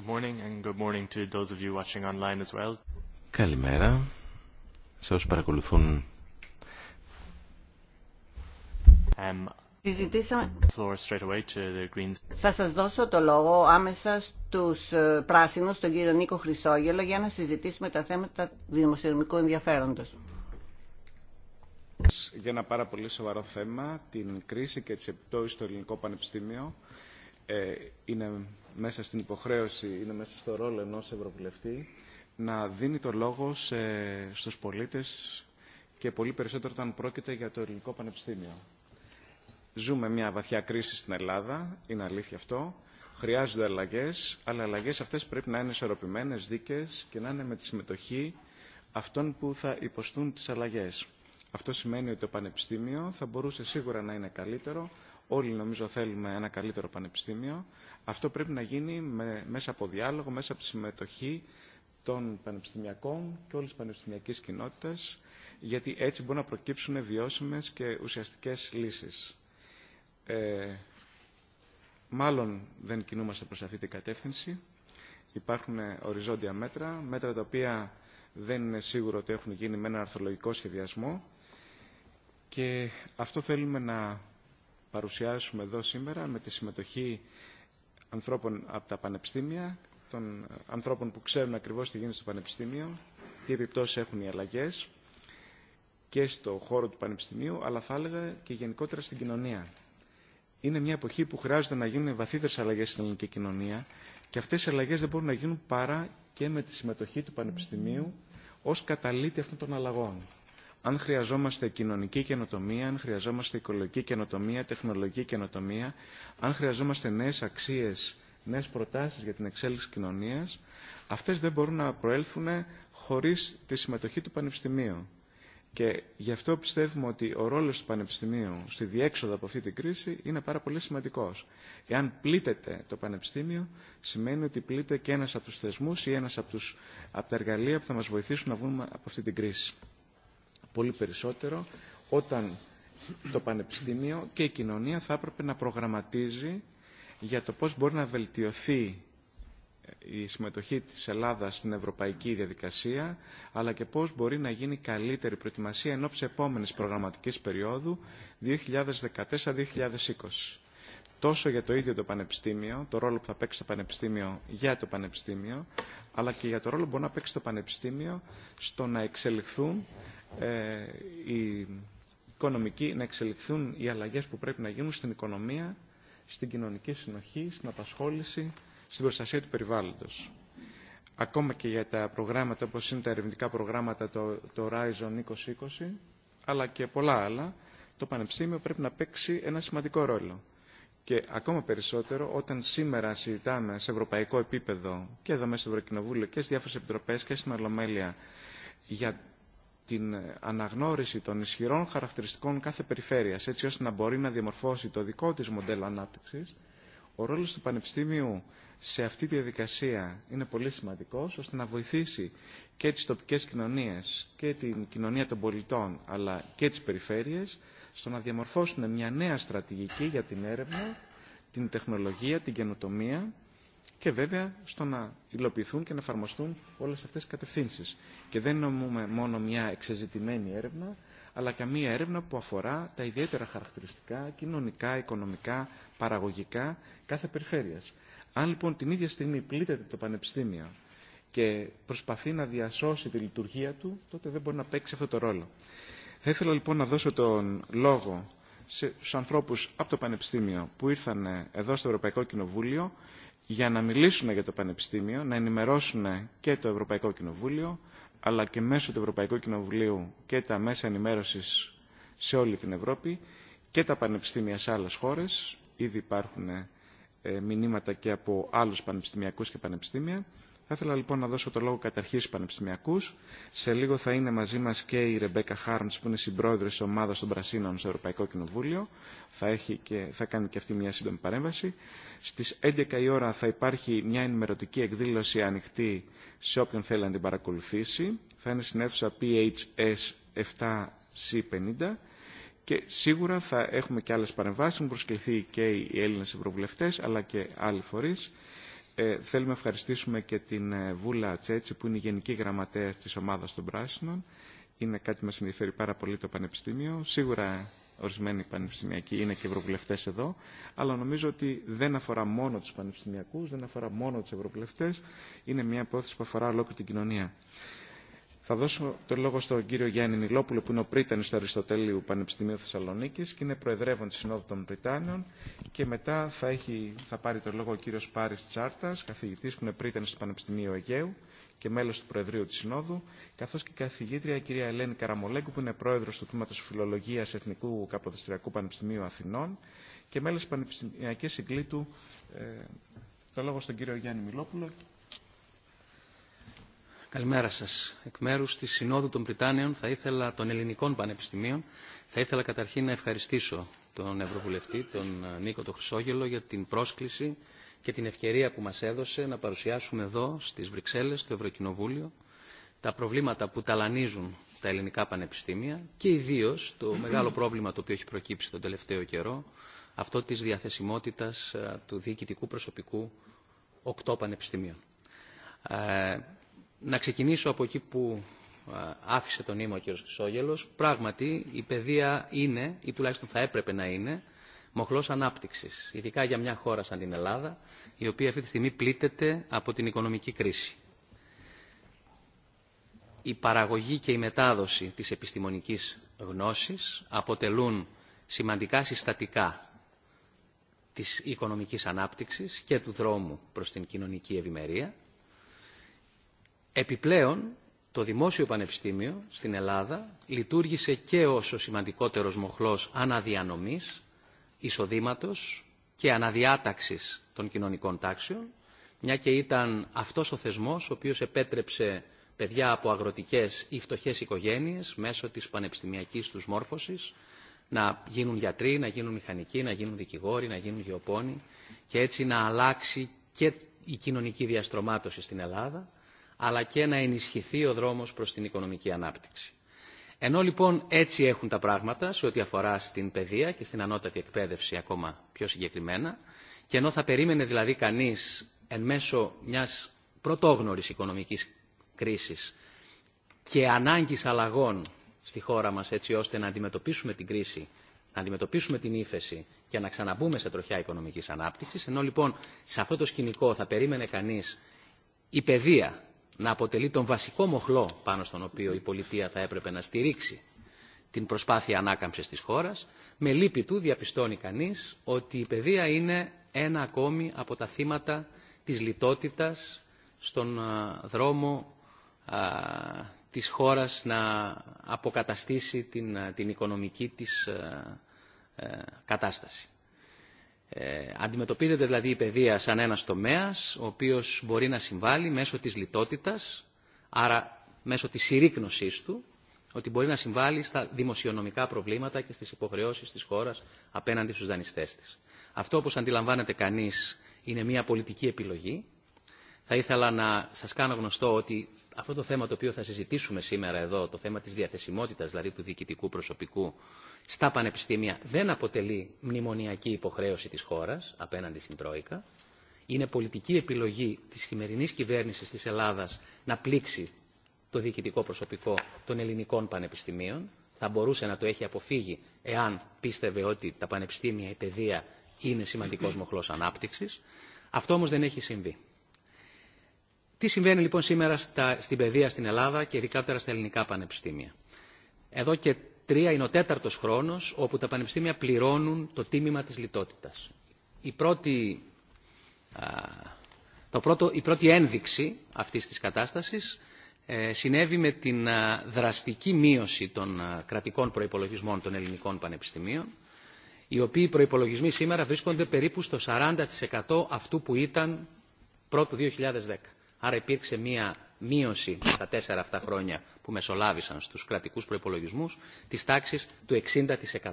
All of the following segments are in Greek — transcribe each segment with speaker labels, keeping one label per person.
Speaker 1: Good morning Καλημέρα σε όσους παρακολουθούν. Um,
Speaker 2: Θα σας δώσω το λόγο άμεσα στους ε, πράσινους, τον κύριο Νίκο Χρυσόγελο, για να συζητήσουμε τα θέματα δημοσιονομικού ενδιαφέροντος.
Speaker 3: Για ένα πάρα πολύ σοβαρό θέμα, την κρίση και τις επιπτώσεις στο ελληνικό πανεπιστήμιο. Ε, είναι μέσα στην υποχρέωση, είναι μέσα στο ρόλο ενός Ευρωβουλευτή να δίνει το λόγο σε, στους πολίτες και πολύ περισσότερο όταν πρόκειται για το ελληνικό πανεπιστήμιο. Ζούμε μια βαθιά κρίση στην Ελλάδα, είναι αλήθεια αυτό. Χρειάζονται αλλαγέ, αλλά αλλαγέ αυτέ πρέπει να είναι ισορροπημένε, δίκαιε και να είναι με τη συμμετοχή αυτών που θα υποστούν τι αλλαγέ. Αυτό σημαίνει ότι το Πανεπιστήμιο θα μπορούσε σίγουρα να είναι καλύτερο, Όλοι νομίζω θέλουμε ένα καλύτερο πανεπιστήμιο. Αυτό πρέπει να γίνει μέσα από διάλογο, μέσα από τη συμμετοχή των πανεπιστημιακών και όλης της πανεπιστημιακής κοινότητας, γιατί έτσι μπορούν να προκύψουν βιώσιμες και ουσιαστικές λύσεις. Ε, μάλλον δεν κινούμαστε προς αυτή την κατεύθυνση. Υπάρχουν οριζόντια μέτρα, μέτρα τα οποία δεν είναι σίγουρο ότι έχουν γίνει με ένα αρθρολογικό σχεδιασμό και αυτό θέλουμε να παρουσιάσουμε εδώ σήμερα με τη συμμετοχή ανθρώπων από τα πανεπιστήμια, των ε, ανθρώπων που ξέρουν ακριβώς τι γίνεται στο πανεπιστήμιο, τι επιπτώσεις έχουν οι αλλαγές και στο χώρο του πανεπιστημίου, αλλά θα έλεγα και γενικότερα στην κοινωνία. Είναι μια εποχή που χρειάζεται να γίνουν βαθύτερες αλλαγές στην ελληνική κοινωνία και αυτές οι αλλαγές δεν μπορούν να γίνουν παρά και με τη συμμετοχή του πανεπιστημίου ως καταλήτη αυτών των αλλαγών αν χρειαζόμαστε κοινωνική καινοτομία, αν χρειαζόμαστε οικολογική καινοτομία, τεχνολογική καινοτομία, αν χρειαζόμαστε νέες αξίες, νέες προτάσεις για την εξέλιξη κοινωνίας, αυτές δεν μπορούν να προέλθουν χωρίς τη συμμετοχή του Πανεπιστημίου. Και γι' αυτό πιστεύουμε ότι ο ρόλος του Πανεπιστημίου στη διέξοδο από αυτή την κρίση είναι πάρα πολύ σημαντικός. Εάν πλήτεται το Πανεπιστήμιο, σημαίνει ότι πλήτεται και ένας από τους θεσμούς ή ένα από, από τα εργαλεία που θα μας βοηθήσουν να βγούμε από αυτή την κρίση πολύ περισσότερο όταν το Πανεπιστήμιο και η κοινωνία θα έπρεπε να προγραμματίζει για το πώς μπορεί να βελτιωθεί ε, η συμμετοχή της Ελλάδας στην ευρωπαϊκή διαδικασία, αλλά και πώς μπορεί να γίνει καλύτερη προετοιμασία προετοιμασία επομενης επόμενης προγραμματικής περίοδου 2014-2020. Τόσο για το ίδιο το Πανεπιστήμιο, το ρόλο που θα παίξει το Πανεπιστήμιο για το Πανεπιστήμιο, αλλά και για το ρόλο που μπορεί να παίξει το Πανεπιστήμιο στο να εξελιχθούν η ε, οικονομική, να εξελιχθούν οι αλλαγές που πρέπει να γίνουν στην οικονομία, στην κοινωνική συνοχή, στην απασχόληση, στην προστασία του περιβάλλοντος. Ακόμα και για τα προγράμματα όπως είναι τα ερευνητικά προγράμματα, το, το Horizon 2020, αλλά και πολλά άλλα, το Πανεπιστήμιο πρέπει να παίξει ένα σημαντικό ρόλο. Και ακόμα περισσότερο όταν σήμερα συζητάμε σε ευρωπαϊκό επίπεδο και εδώ μέσα στο Ευρωκοινοβούλιο και στι διάφορε επιτροπέ και στην Ολομέλεια για την αναγνώριση των ισχυρών χαρακτηριστικών κάθε περιφέρειας, έτσι ώστε να μπορεί να διαμορφώσει το δικό της μοντέλο ανάπτυξης, ο ρόλος του Πανεπιστήμιου σε αυτή τη διαδικασία είναι πολύ σημαντικός, ώστε να βοηθήσει και τις τοπικές κοινωνίες και την κοινωνία των πολιτών, αλλά και τις περιφέρειες, στο να διαμορφώσουν μια νέα στρατηγική για την έρευνα, την τεχνολογία, την καινοτομία, και βέβαια στο να υλοποιηθούν και να εφαρμοστούν όλες αυτές τι κατευθύνσεις. Και δεν νομούμε μόνο μια εξεζητημένη έρευνα, αλλά και μια έρευνα που αφορά τα ιδιαίτερα χαρακτηριστικά, κοινωνικά, οικονομικά, παραγωγικά κάθε περιφέρειας. Αν λοιπόν την ίδια στιγμή πλήττεται το Πανεπιστήμιο και προσπαθεί να διασώσει τη λειτουργία του, τότε δεν μπορεί να παίξει αυτό το ρόλο. Θα ήθελα λοιπόν να δώσω τον λόγο στους ανθρώπους από το Πανεπιστήμιο που ήρθαν ε, εδώ στο Ευρωπαϊκό Κοινοβούλιο για να μιλήσουν για το Πανεπιστήμιο, να ενημερώσουν και το Ευρωπαϊκό Κοινοβούλιο, αλλά και μέσω του Ευρωπαϊκού Κοινοβουλίου και τα μέσα ενημέρωσης σε όλη την Ευρώπη και τα πανεπιστήμια σε άλλες χώρες. Ήδη υπάρχουν ε, μηνύματα και από άλλους πανεπιστημιακούς και πανεπιστήμια θα ήθελα λοιπόν να δώσω το λόγο καταρχή στου πανεπιστημιακού. Σε λίγο θα είναι μαζί μα και η Ρεμπέκα Χάρμ, που είναι συμπρόεδρο τη ομάδα των Πρασίνων στο Ευρωπαϊκό Κοινοβούλιο. Θα, έχει και, θα κάνει και αυτή μια σύντομη παρέμβαση. Στι 11 η ώρα θα υπάρχει μια ενημερωτική εκδήλωση ανοιχτή σε όποιον θέλει να την παρακολουθήσει. Θα είναι στην αίθουσα PHS 7C50 και σίγουρα θα έχουμε και άλλε παρεμβάσει Μου προσκληθεί και οι Έλληνε Ευρωβουλευτέ, αλλά και άλλοι φορεί. Ε, θέλουμε να ευχαριστήσουμε και την ε, Βούλα Τσέτσι που είναι η Γενική Γραμματέας της Ομάδας των Πράσινων. Είναι κάτι που μας ενδιαφέρει πάρα πολύ το Πανεπιστήμιο. Σίγουρα ορισμένοι πανεπιστημιακοί είναι και ευρωβουλευτέ εδώ, αλλά νομίζω ότι δεν αφορά μόνο του πανεπιστημιακούς, δεν αφορά μόνο του ευρωβουλευτέ, είναι μια υπόθεση που αφορά ολόκληρη την κοινωνία. Θα δώσω το λόγο στον κύριο Γιάννη Μιλόπουλο, που είναι ο πρίτανη του Αριστοτελείου Πανεπιστημίου Θεσσαλονίκη και είναι προεδρεύον τη Συνόδου των Πριτάνων. Και μετά θα, έχει, θα πάρει το λόγο ο κύριο Πάρη Τσάρτα, καθηγητή που είναι πρίτανη του Πανεπιστημίου Αιγαίου και μέλο του Προεδρείου τη Συνόδου, καθώ και η καθηγήτρια η κυρία Ελένη Καραμολέγκου, που είναι πρόεδρο του Τμήματο Φιλολογία Εθνικού Καποδιστριακού Πανεπιστημίου Αθηνών και μέλο τη Πανεπιστημιακή Συγκλήτου. Ε, το λόγο στον κύριο Γιάννη Μιλόπουλο
Speaker 4: Καλημέρα σας. Εκ μέρους της Συνόδου των Πριτάνεων θα ήθελα των ελληνικών πανεπιστημίων θα ήθελα καταρχήν να ευχαριστήσω τον Ευρωβουλευτή, τον ε, Νίκο τον Χρυσόγελο για την πρόσκληση και την ευκαιρία που μας έδωσε να παρουσιάσουμε εδώ στις Βρυξέλλες, στο Ευρωκοινοβούλιο τα προβλήματα που ταλανίζουν τα ελληνικά πανεπιστήμια και ιδίω το μεγάλο πρόβλημα το οποίο έχει προκύψει τον τελευταίο καιρό αυτό της διαθεσιμότητας ε, του διοικητικού προσωπικού οκτώ πανεπιστημίων. Ε, να ξεκινήσω από εκεί που άφησε τον ήμο ο κ. Χρυσόγελος. Πράγματι, η παιδεία είναι, ή τουλάχιστον θα έπρεπε να είναι, μοχλός ανάπτυξης, ειδικά για μια χώρα σαν την Ελλάδα, η οποία αυτή τη στιγμή πλήττεται από την οικονομική κρίση. Η παραγωγή και η μετάδοση της επιστημονικής γνώσης αποτελούν σημαντικά συστατικά της οικονομικής ανάπτυξης και του δρόμου προς την κοινωνική ευημερία Επιπλέον, το Δημόσιο Πανεπιστήμιο στην Ελλάδα λειτουργήσε και ως ο σημαντικότερος μοχλός αναδιανομής, εισοδήματος και αναδιάταξης των κοινωνικών τάξεων, μια και ήταν αυτός ο θεσμός ο οποίος επέτρεψε παιδιά από αγροτικές ή φτωχές οικογένειες μέσω της πανεπιστημιακής τους μόρφωσης να γίνουν γιατροί, να γίνουν μηχανικοί, να γίνουν δικηγόροι, να γίνουν γεωπόνοι και έτσι να αλλάξει και η κοινωνική διαστρωμάτωση στην Ελλάδα αλλά και να ενισχυθεί ο δρόμος προς την οικονομική ανάπτυξη. Ενώ λοιπόν έτσι έχουν τα πράγματα σε ό,τι αφορά στην παιδεία και στην ανώτατη εκπαίδευση ακόμα πιο συγκεκριμένα, και ενώ θα περίμενε δηλαδή κανείς εν μέσω μιας πρωτόγνωρης οικονομικής κρίσης και ανάγκης αλλαγών στη χώρα μας έτσι ώστε να αντιμετωπίσουμε την κρίση, να αντιμετωπίσουμε την ύφεση και να ξαναμπούμε σε τροχιά οικονομικής ανάπτυξης, ενώ λοιπόν σε αυτό το σκηνικό θα περίμενε κανείς η παιδεία να αποτελεί τον βασικό μοχλό πάνω στον οποίο η πολιτεία θα έπρεπε να στηρίξει την προσπάθεια ανάκαμψης της χώρας, με λύπη του διαπιστώνει κανείς ότι η παιδεία είναι ένα ακόμη από τα θύματα της λιτότητας στον δρόμο της χώρας να αποκαταστήσει την, την οικονομική της κατάσταση. Ε, αντιμετωπίζεται δηλαδή η παιδεία σαν ένα τομέας ο οποίος μπορεί να συμβάλλει μέσω της λιτότητας, άρα μέσω της συρρήκνωσής του, ότι μπορεί να συμβάλλει στα δημοσιονομικά προβλήματα και στις υποχρεώσεις της χώρας απέναντι στους δανειστές της. Αυτό όπως αντιλαμβάνεται κανείς είναι μια πολιτική επιλογή. Θα ήθελα να σας κάνω γνωστό ότι αυτό το θέμα το οποίο θα συζητήσουμε σήμερα εδώ, το θέμα της διαθεσιμότητας δηλαδή του διοικητικού προσωπικού στα πανεπιστήμια δεν αποτελεί μνημονιακή υποχρέωση της χώρας απέναντι στην Τρόικα. Είναι πολιτική επιλογή της χειμερινή κυβέρνησης της Ελλάδας να πλήξει το διοικητικό προσωπικό των ελληνικών πανεπιστημίων. Θα μπορούσε να το έχει αποφύγει εάν πίστευε ότι τα πανεπιστήμια, η παιδεία είναι σημαντικός μοχλός ανάπτυξης. Αυτό όμως δεν έχει συμβεί. Τι συμβαίνει λοιπόν σήμερα στα, στην παιδεία στην Ελλάδα και ειδικά στα ελληνικά πανεπιστήμια. Εδώ και Τρία είναι ο τέταρτος χρόνος όπου τα πανεπιστήμια πληρώνουν το τίμημα της λιτότητας. Η πρώτη, το πρώτο, η πρώτη ένδειξη αυτής της κατάστασης ε, συνέβη με την δραστική μείωση των κρατικών προϋπολογισμών των ελληνικών πανεπιστημίων, οι οποίοι προϋπολογισμοί σήμερα βρίσκονται περίπου στο 40% αυτού που ήταν πρώτου 2010. Άρα υπήρξε μια μείωση στα τέσσερα αυτά χρόνια που μεσολάβησαν στους κρατικούς προϋπολογισμούς της τάξης του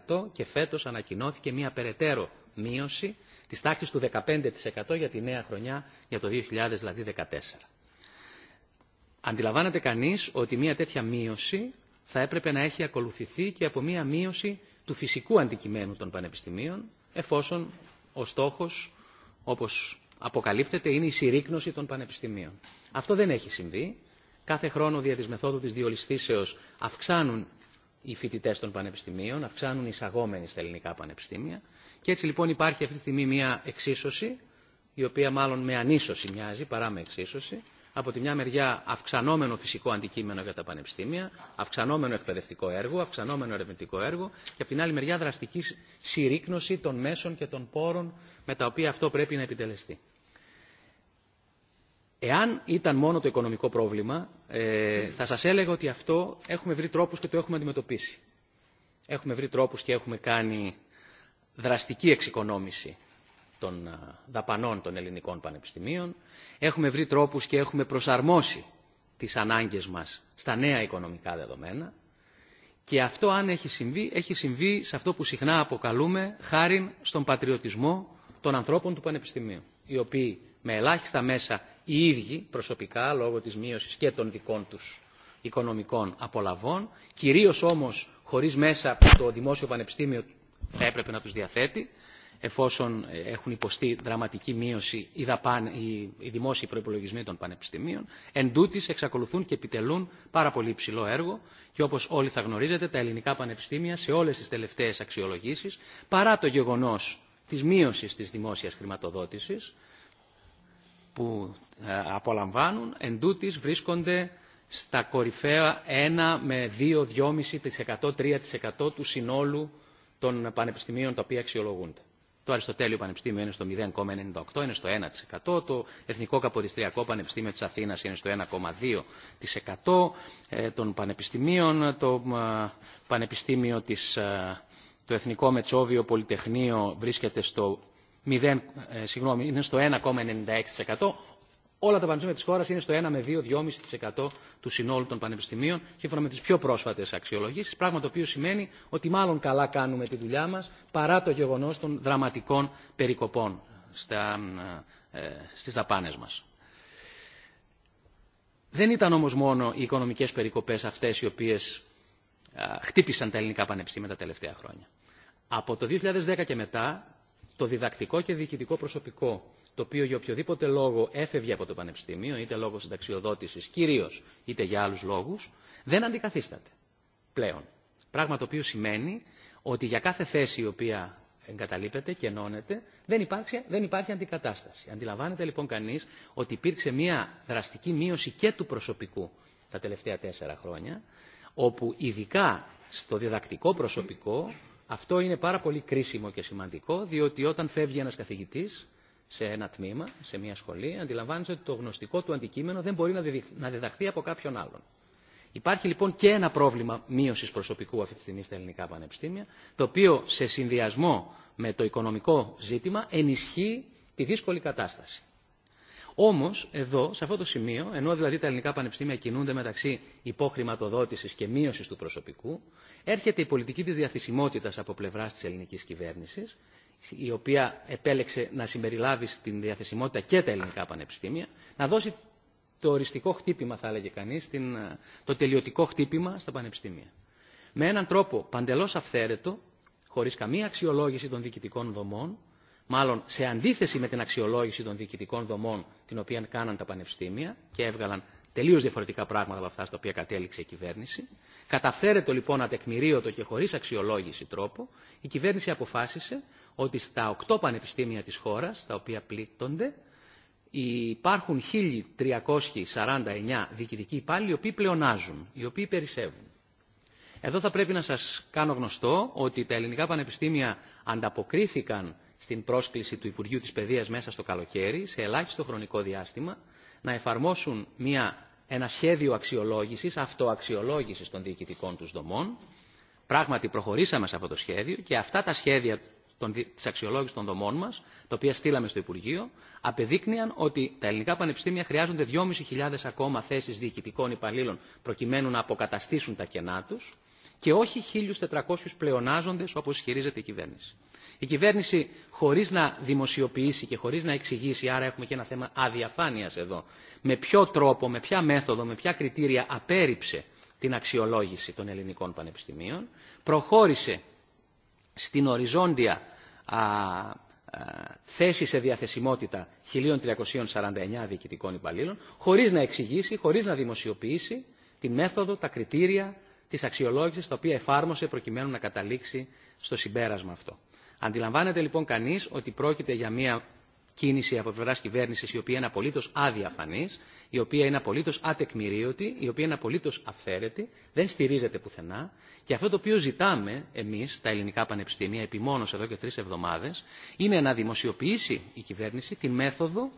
Speaker 4: 60% και φέτος ανακοινώθηκε μια περαιτέρω μείωση της τάξης του 15% για τη νέα χρονιά, για το 2014. Δηλαδή Αντιλαμβάνεται κανείς ότι μια τέτοια μείωση θα έπρεπε να έχει ακολουθηθεί και από μια μείωση του φυσικού αντικειμένου των πανεπιστημίων, εφόσον ο στόχος, όπως αποκαλύπτεται είναι η συρρήκνωση των πανεπιστημίων. Αυτό δεν έχει συμβεί. Κάθε χρόνο δια της μεθόδου της διολυστήσεως αυξάνουν οι φοιτητέ των πανεπιστημίων, αυξάνουν οι εισαγόμενοι στα ελληνικά πανεπιστήμια και έτσι λοιπόν υπάρχει αυτή τη στιγμή μια εξίσωση, η οποία μάλλον με ανίσωση μοιάζει παρά με εξίσωση, από τη μια μεριά αυξανόμενο φυσικό αντικείμενο για τα πανεπιστήμια, αυξανόμενο εκπαιδευτικό έργο, αυξανόμενο ερευνητικό έργο και από την άλλη μεριά δραστική συρρήκνωση των μέσων και των πόρων με τα οποία αυτό πρέπει να επιτελεστεί. Εάν ήταν μόνο το οικονομικό πρόβλημα, ε, θα σας έλεγα ότι αυτό έχουμε βρει τρόπους και το έχουμε αντιμετωπίσει. Έχουμε βρει τρόπους και έχουμε κάνει δραστική εξοικονόμηση των δαπανών των ελληνικών πανεπιστημίων. Έχουμε βρει τρόπους και έχουμε προσαρμόσει τις ανάγκες μας στα νέα οικονομικά δεδομένα. Και αυτό αν έχει συμβεί, έχει συμβεί σε αυτό που συχνά αποκαλούμε χάρη στον πατριωτισμό των ανθρώπων του Πανεπιστημίου, οι οποίοι με ελάχιστα μέσα οι ίδιοι προσωπικά λόγω της μείωσης και των δικών τους οικονομικών απολαβών, κυρίως όμως χωρίς μέσα που το Δημόσιο Πανεπιστήμιο θα έπρεπε να τους διαθέτει, εφόσον ε, έχουν υποστεί δραματική μείωση οι, οι δημόσιοι προπολογισμοί των πανεπιστημίων. Εν εξακολουθούν και επιτελούν πάρα πολύ υψηλό έργο και όπως όλοι θα γνωρίζετε τα ελληνικά πανεπιστήμια σε όλες τις τελευταίες αξιολογήσεις παρά το γεγονός της μείωσης της δημόσιας χρηματοδότησης που ε, απολαμβάνουν εν βρίσκονται στα κορυφαία 1 με 2, 2,5%, 3% του συνόλου των πανεπιστημίων τα οποία αξιολογούνται. Το Αριστοτέλειο Πανεπιστήμιο είναι στο 0,98, είναι στο 1%. Το Εθνικό Καποδιστριακό Πανεπιστήμιο της Αθήνας είναι στο 1,2% ε, των πανεπιστημίων. Το Πανεπιστήμιο της, το Εθνικό Μετσόβιο Πολυτεχνείο βρίσκεται στο 0, ε, είναι στο 1,96%. Όλα τα πανεπιστήμια τη χώρα είναι στο 1 με 2, 2,5% του συνόλου των πανεπιστημίων, σύμφωνα με τι πιο πρόσφατε αξιολογήσει. Πράγμα το οποίο σημαίνει ότι μάλλον καλά κάνουμε τη δουλειά μα, παρά το γεγονό των δραματικών περικοπών ε, στι δαπάνε μα. Δεν ήταν όμω μόνο οι οικονομικέ περικοπέ αυτέ οι οποίε χτύπησαν τα ελληνικά πανεπιστήμια τα τελευταία χρόνια. Από το 2010 και μετά, το διδακτικό και διοικητικό προσωπικό το οποίο για οποιοδήποτε λόγο έφευγε από το Πανεπιστήμιο, είτε λόγω συνταξιοδότηση κυρίω, είτε για άλλου λόγου, δεν αντικαθίσταται πλέον. Πράγμα το οποίο σημαίνει ότι για κάθε θέση η οποία εγκαταλείπεται και ενώνεται, δεν υπάρχει, δεν υπάρχει αντικατάσταση. Αντιλαμβάνεται λοιπόν κανείς ότι υπήρξε μια δραστική μείωση και του προσωπικού τα τελευταία τέσσερα χρόνια, όπου ειδικά στο διδακτικό προσωπικό αυτό είναι πάρα πολύ κρίσιμο και σημαντικό, διότι όταν φεύγει ένας καθηγητής, σε ένα τμήμα, σε μια σχολή, αντιλαμβάνεστε ότι το γνωστικό του αντικείμενο δεν μπορεί να διδαχθεί από κάποιον άλλον. Υπάρχει λοιπόν και ένα πρόβλημα μείωση προσωπικού αυτή τη στιγμή στα ελληνικά πανεπιστήμια, το οποίο σε συνδυασμό με το οικονομικό ζήτημα ενισχύει τη δύσκολη κατάσταση. Όμω, εδώ, σε αυτό το σημείο, ενώ δηλαδή τα ελληνικά πανεπιστήμια κινούνται μεταξύ υποχρηματοδότηση και μείωση του προσωπικού, έρχεται η πολιτική τη διαθυσιμότητα από πλευρά τη ελληνική κυβέρνηση η οποία επέλεξε να συμπεριλάβει στην διαθεσιμότητα και τα ελληνικά πανεπιστήμια, να δώσει το οριστικό χτύπημα, θα έλεγε κανείς, το τελειωτικό χτύπημα στα πανεπιστήμια. Με έναν τρόπο παντελώς αυθαίρετο, χωρίς καμία αξιολόγηση των διοικητικών δομών, μάλλον σε αντίθεση με την αξιολόγηση των διοικητικών δομών την οποία κάναν τα πανεπιστήμια και έβγαλαν τελείως διαφορετικά πράγματα από αυτά στα οποία κατέληξε η κυβέρνηση, Καταφέρετο λοιπόν ατεκμηρίωτο και χωρίς αξιολόγηση τρόπο, η κυβέρνηση αποφάσισε ότι στα οκτώ πανεπιστήμια της χώρας, τα οποία πλήττονται, υπάρχουν 1.349 διοικητικοί υπάλληλοι, οι οποίοι πλεονάζουν, οι οποίοι περισσεύουν. Εδώ θα πρέπει να σας κάνω γνωστό ότι τα ελληνικά πανεπιστήμια ανταποκρίθηκαν στην πρόσκληση του Υπουργείου της Παιδείας μέσα στο καλοκαίρι, σε ελάχιστο χρονικό διάστημα, να εφαρμόσουν μια ένα σχέδιο αξιολόγησης, αυτοαξιολόγησης των διοικητικών τους δομών. Πράγματι προχωρήσαμε σε αυτό το σχέδιο και αυτά τα σχέδια της αξιολόγησης των δομών μας, τα οποία στείλαμε στο Υπουργείο, απεδείκνυαν ότι τα ελληνικά πανεπιστήμια χρειάζονται 2.500 ακόμα θέσεις διοικητικών υπαλλήλων προκειμένου να αποκαταστήσουν τα κενά τους και όχι 1.400 πλεονάζοντες όπως ισχυρίζεται η κυβέρνηση. Η κυβέρνηση χωρί να δημοσιοποιήσει και χωρί να εξηγήσει, άρα έχουμε και ένα θέμα αδιαφάνεια εδώ, με ποιο τρόπο, με ποια μέθοδο, με ποια κριτήρια απέρριψε την αξιολόγηση των ελληνικών πανεπιστημίων, προχώρησε στην οριζόντια α, α, θέση σε διαθεσιμότητα 1.349 διοικητικών υπαλλήλων, χωρίς να εξηγήσει, χωρίς να δημοσιοποιήσει τη μέθοδο, τα κριτήρια της αξιολόγησης, τα οποία εφάρμοσε προκειμένου να καταλήξει στο συμπέρασμα αυτό. Αντιλαμβάνεται λοιπόν κανείς ότι πρόκειται για μια κίνηση από πλευρά κυβέρνηση η οποία είναι απολύτω αδιαφανή, η οποία είναι απολύτω ατεκμηρίωτη, η οποία είναι απολύτω αφαίρετη, δεν στηρίζεται πουθενά. Και αυτό το οποίο ζητάμε εμεί, τα ελληνικά πανεπιστήμια, επιμόνω εδώ και τρει εβδομάδε, είναι να δημοσιοποιήσει η κυβέρνηση τη μέθοδο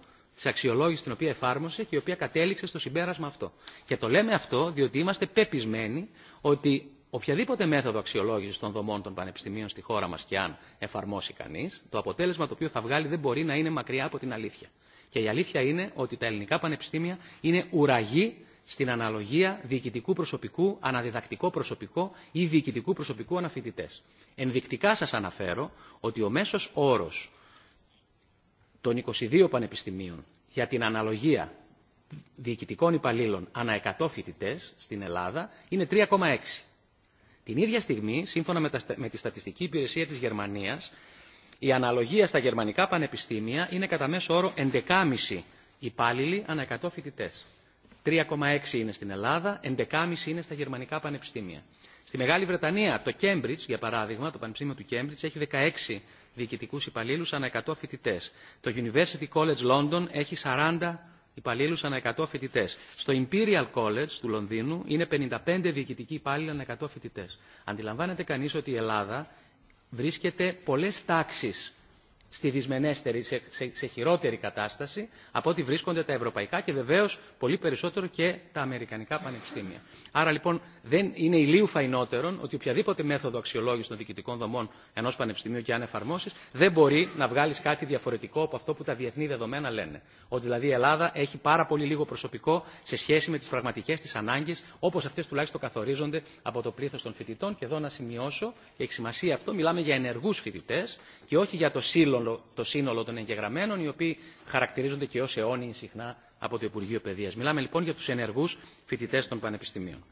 Speaker 4: τη αξιολόγηση την οποία εφάρμοσε και η οποία κατέληξε στο συμπέρασμα αυτό. Και το λέμε αυτό διότι είμαστε πεπισμένοι ότι οποιαδήποτε μέθοδο αξιολόγηση των δομών των πανεπιστημίων στη χώρα μα και αν εφαρμόσει κανεί, το αποτέλεσμα το οποίο θα βγάλει δεν μπορεί να είναι μακριά από την αλήθεια. Και η αλήθεια είναι ότι τα ελληνικά πανεπιστήμια είναι ουραγή στην αναλογία διοικητικού προσωπικού, αναδιδακτικό προσωπικό ή διοικητικού προσωπικού αναφοιτητέ. Ενδεικτικά σα αναφέρω ότι ο μέσο όρο των 22 πανεπιστημίων για την αναλογία διοικητικών υπαλλήλων ανά 100 φοιτητέ στην Ελλάδα είναι 3,6 την ίδια στιγμή, σύμφωνα με, τη Στατιστική Υπηρεσία της Γερμανίας, η αναλογία στα γερμανικά πανεπιστήμια είναι κατά μέσο όρο 11,5 υπάλληλοι ανά 100 φοιτητέ. 3,6 είναι στην Ελλάδα, 11,5 είναι στα γερμανικά πανεπιστήμια. Στη Μεγάλη Βρετανία, το Cambridge, για παράδειγμα, το Πανεπιστήμιο του Cambridge, έχει 16 διοικητικού υπαλλήλου ανά 100 φοιτητέ. Το University College London έχει 40 υπαλλήλου ανά 100 φοιτητέ. Στο Imperial College του Λονδίνου είναι 55 διοικητικοί υπάλληλοι ανά 100 φοιτητέ. Αντιλαμβάνεται κανεί ότι η Ελλάδα βρίσκεται πολλέ τάξει στη δυσμενέστερη, σε, σε, χειρότερη κατάσταση από ό,τι βρίσκονται τα ευρωπαϊκά και βεβαίως πολύ περισσότερο και τα αμερικανικά πανεπιστήμια. Άρα λοιπόν δεν είναι ηλίου φαϊνότερον ότι οποιαδήποτε μέθοδο αξιολόγηση των διοικητικών δομών ενός πανεπιστημίου και αν εφαρμόσει, δεν μπορεί να βγάλει κάτι διαφορετικό από αυτό που τα διεθνή δεδομένα λένε. Ότι δηλαδή η Ελλάδα έχει πάρα πολύ λίγο προσωπικό σε σχέση με τις πραγματικές τη ανάγκες όπως αυτές τουλάχιστον καθορίζονται από το πλήθος των φοιτητών και εδώ να σημειώσω και έχει σημασία αυτό μιλάμε για ενεργούς φοιτητές και όχι για το σύλλο το σύνολο των εγγεγραμμένων, οι οποίοι χαρακτηρίζονται και ω αιώνιοι συχνά από το Υπουργείο Παιδεία. Μιλάμε λοιπόν για του ενεργού φοιτητέ των πανεπιστημίων.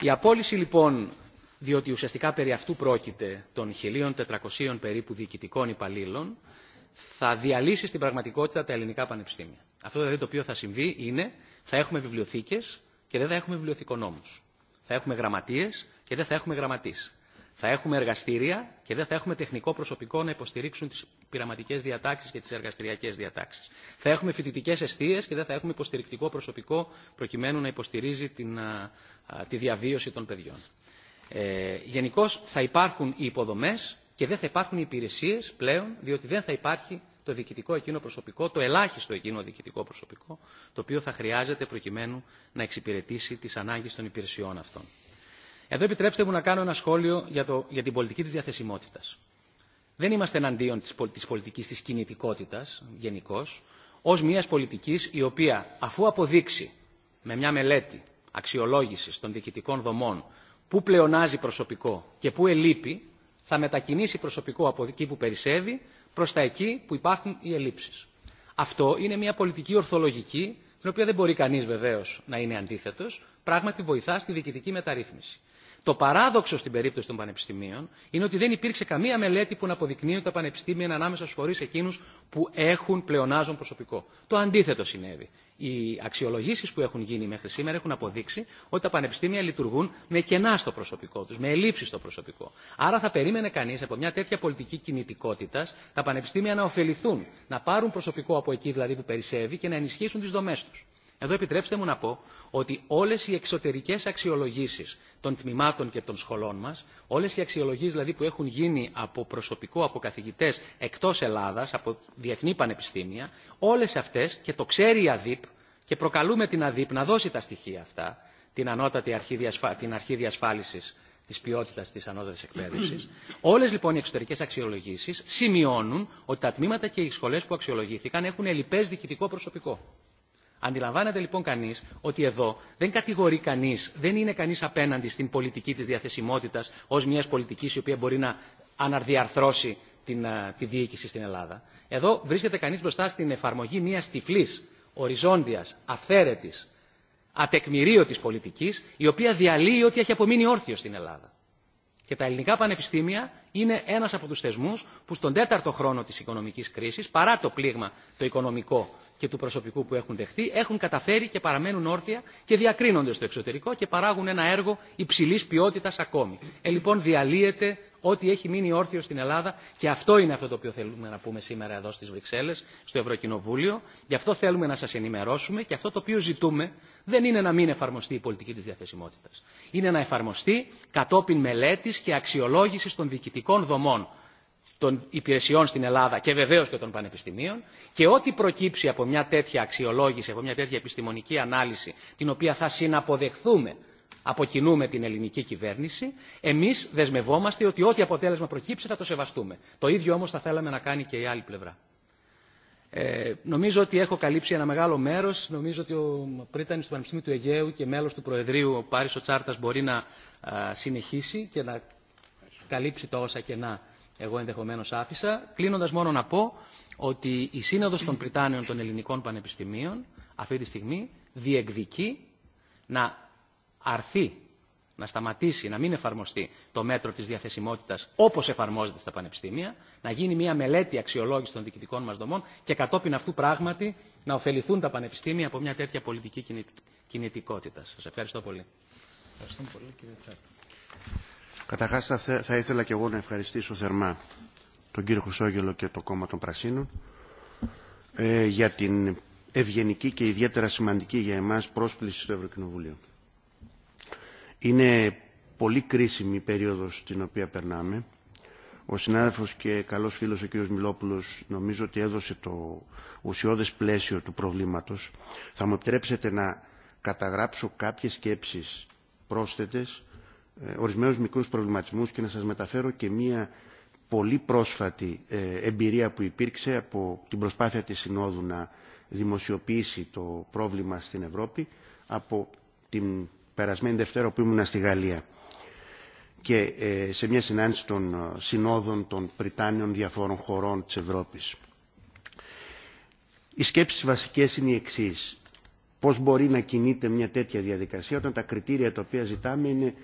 Speaker 4: Η απόλυση λοιπόν, διότι ουσιαστικά περί αυτού πρόκειται των 1.400 περίπου διοικητικών υπαλλήλων, θα διαλύσει στην πραγματικότητα τα ελληνικά πανεπιστήμια. Αυτό δηλαδή το οποίο θα συμβεί είναι θα έχουμε βιβλιοθήκε και δεν θα έχουμε βιβλιοθηκονόμου. Θα έχουμε γραμματείε και δεν θα έχουμε γραμματεί. Θα έχουμε εργαστήρια και δεν θα έχουμε τεχνικό προσωπικό να υποστηρίξουν τι πειραματικέ διατάξει και τι εργαστηριακέ διατάξει. Θα έχουμε φοιτητικέ αιστείε και δεν θα έχουμε υποστηρικτικό προσωπικό προκειμένου να υποστηρίζει την, τη διαβίωση των παιδιών. Ε, Γενικώ θα υπάρχουν οι υποδομέ και δεν θα υπάρχουν οι υπηρεσίε πλέον, διότι δεν θα υπάρχει το διοικητικό εκείνο προσωπικό, το ελάχιστο εκείνο διοικητικό προσωπικό, το οποίο θα χρειάζεται προκειμένου να εξυπηρετήσει τι ανάγκε των υπηρεσιών αυτών. Εδώ επιτρέψτε μου να κάνω ένα σχόλιο για, την πολιτική της διαθεσιμότητας. Δεν είμαστε εναντίον της, της πολιτικής της κινητικότητας γενικώ, ως μιας πολιτικής η οποία αφού αποδείξει με μια μελέτη αξιολόγησης των διοικητικών δομών πού πλεονάζει προσωπικό και πού ελείπει, θα μετακινήσει προσωπικό από εκεί που περισσεύει προς τα εκεί που υπάρχουν οι ελλείψεις. Αυτό είναι μια πολιτική ορθολογική, την οποία δεν μπορεί κανείς βεβαίως να είναι αντίθετος, πράγματι βοηθά στη διοικητική μεταρρύθμιση. Το παράδοξο στην περίπτωση των πανεπιστημίων είναι ότι δεν υπήρξε καμία μελέτη που να αποδεικνύει ότι τα πανεπιστήμια είναι ανάμεσα στου φορεί εκείνου που έχουν πλεονάζον προσωπικό. Το αντίθετο συνέβη. Οι αξιολογήσει που έχουν γίνει μέχρι σήμερα έχουν αποδείξει ότι τα πανεπιστήμια λειτουργούν με κενά στο προσωπικό του, με ελλείψει στο προσωπικό. Άρα θα περίμενε κανεί από μια τέτοια πολιτική κινητικότητα τα πανεπιστήμια να ωφεληθούν, να πάρουν προσωπικό από εκεί δηλαδή που περισσεύει και να ενισχύσουν τι δομέ του. Εδώ επιτρέψτε μου να πω ότι όλες οι εξωτερικές αξιολογήσεις των τμήματων και των σχολών μας, όλες οι αξιολογήσεις δηλαδή που έχουν γίνει από προσωπικό, από καθηγητές εκτός Ελλάδας, από διεθνή πανεπιστήμια, όλες αυτές και το ξέρει η ΑΔΥΠ και προκαλούμε την ΑΔΥΠ να δώσει τα στοιχεία αυτά, την ανώτατη αρχή, διασφα... την αρχή διασφάλισης τη ποιότητα τη ανώτατη εκπαίδευση. Όλε λοιπόν οι εξωτερικέ αξιολογήσει σημειώνουν ότι τα τμήματα και οι σχολέ που αξιολογήθηκαν έχουν ελληπέ διοικητικό προσωπικό. Αντιλαμβάνεται λοιπόν κανεί ότι εδώ δεν κατηγορεί κανεί, δεν είναι κανεί απέναντι στην πολιτική τη διαθεσιμότητα ω μια πολιτική η οποία μπορεί να αναδιαρθρώσει την, ε, τη διοίκηση στην Ελλάδα. Εδώ βρίσκεται κανεί μπροστά στην εφαρμογή μια τυφλή, οριζόντια, αυθαίρετη, ατεκμηρίωτη πολιτική, η οποία διαλύει ό,τι έχει απομείνει όρθιο στην Ελλάδα. Και τα ελληνικά πανεπιστήμια είναι ένα από του θεσμού που στον τέταρτο χρόνο τη οικονομική κρίση, παρά το πλήγμα το οικονομικό και του προσωπικού που έχουν δεχτεί έχουν καταφέρει και παραμένουν όρθια και διακρίνονται στο εξωτερικό και παράγουν ένα έργο υψηλή ποιότητα ακόμη. Ε, λοιπόν, διαλύεται ό,τι έχει μείνει όρθιο στην Ελλάδα και αυτό είναι αυτό το οποίο θέλουμε να πούμε σήμερα εδώ στι Βρυξέλλε, στο Ευρωκοινοβούλιο. Γι' αυτό θέλουμε να σα ενημερώσουμε και αυτό το οποίο ζητούμε δεν είναι να μην εφαρμοστεί η πολιτική τη διαθεσιμότητα. Είναι να εφαρμοστεί κατόπιν μελέτη και αξιολόγηση των διοικητικών δομών των υπηρεσιών στην Ελλάδα και βεβαίω και των πανεπιστημίων και ό,τι προκύψει από μια τέτοια αξιολόγηση, από μια τέτοια επιστημονική ανάλυση, την οποία θα συναποδεχθούμε από κοινού την ελληνική κυβέρνηση, εμεί δεσμευόμαστε ότι ό,τι αποτέλεσμα προκύψει θα το σεβαστούμε. Το ίδιο όμω θα θέλαμε να κάνει και η άλλη πλευρά. Ε, νομίζω ότι έχω καλύψει ένα μεγάλο μέρο. Νομίζω ότι ο πρίτανη του Πανεπιστημίου του Αιγαίου και μέλο του Προεδρείου, ο Πάρη ο Τσάρτα, μπορεί να συνεχίσει και να καλύψει τα όσα κενά εγώ ενδεχομένω άφησα. κλείνοντα μόνο να πω ότι η σύνοδο των Πριτάνεων των Ελληνικών Πανεπιστημίων αυτή τη στιγμή διεκδικεί να αρθεί, να σταματήσει, να μην εφαρμοστεί το μέτρο της διαθεσιμότητας όπως εφαρμόζεται στα πανεπιστήμια, να γίνει μια μελέτη αξιολόγηση των διοικητικών μας δομών και κατόπιν αυτού πράγματι να ωφεληθούν τα πανεπιστήμια από μια τέτοια πολιτική κινητικότητα. Σας ευχαριστώ πολύ. Ευχαριστώ πολύ κύριε
Speaker 5: Καταρχάς θα ήθελα και εγώ να ευχαριστήσω θερμά τον κύριο Χρυσόγελο και το κόμμα των Πρασίνων ε, για την ευγενική και ιδιαίτερα σημαντική για εμάς πρόσκληση στο Ευρωκοινοβουλίο. Είναι πολύ κρίσιμη η περίοδος την οποία περνάμε. Ο συνάδελφος και καλός φίλος ο κύριος Μιλόπουλος νομίζω ότι έδωσε το ουσιώδες πλαίσιο του προβλήματος. Θα μου επιτρέψετε να καταγράψω κάποιες σκέψεις πρόσθετες ε, ορισμένους μικρούς προβληματισμούς και να σας μεταφέρω και μία πολύ πρόσφατη ε, εμπειρία που υπήρξε από την προσπάθεια της Συνόδου να δημοσιοποιήσει το πρόβλημα στην Ευρώπη από την περασμένη Δευτέρα που ήμουνα στη Γαλλία και ε, σε μια συνάντηση των συνόδων των Πριτάνιων διαφόρων χωρών της Ευρώπης. Οι σκέψεις βασικές είναι οι εξής. Πώς μπορεί να κινείται μια τέτοια διαδικασία όταν τα κριτήρια τα οποία ζητάμε είναι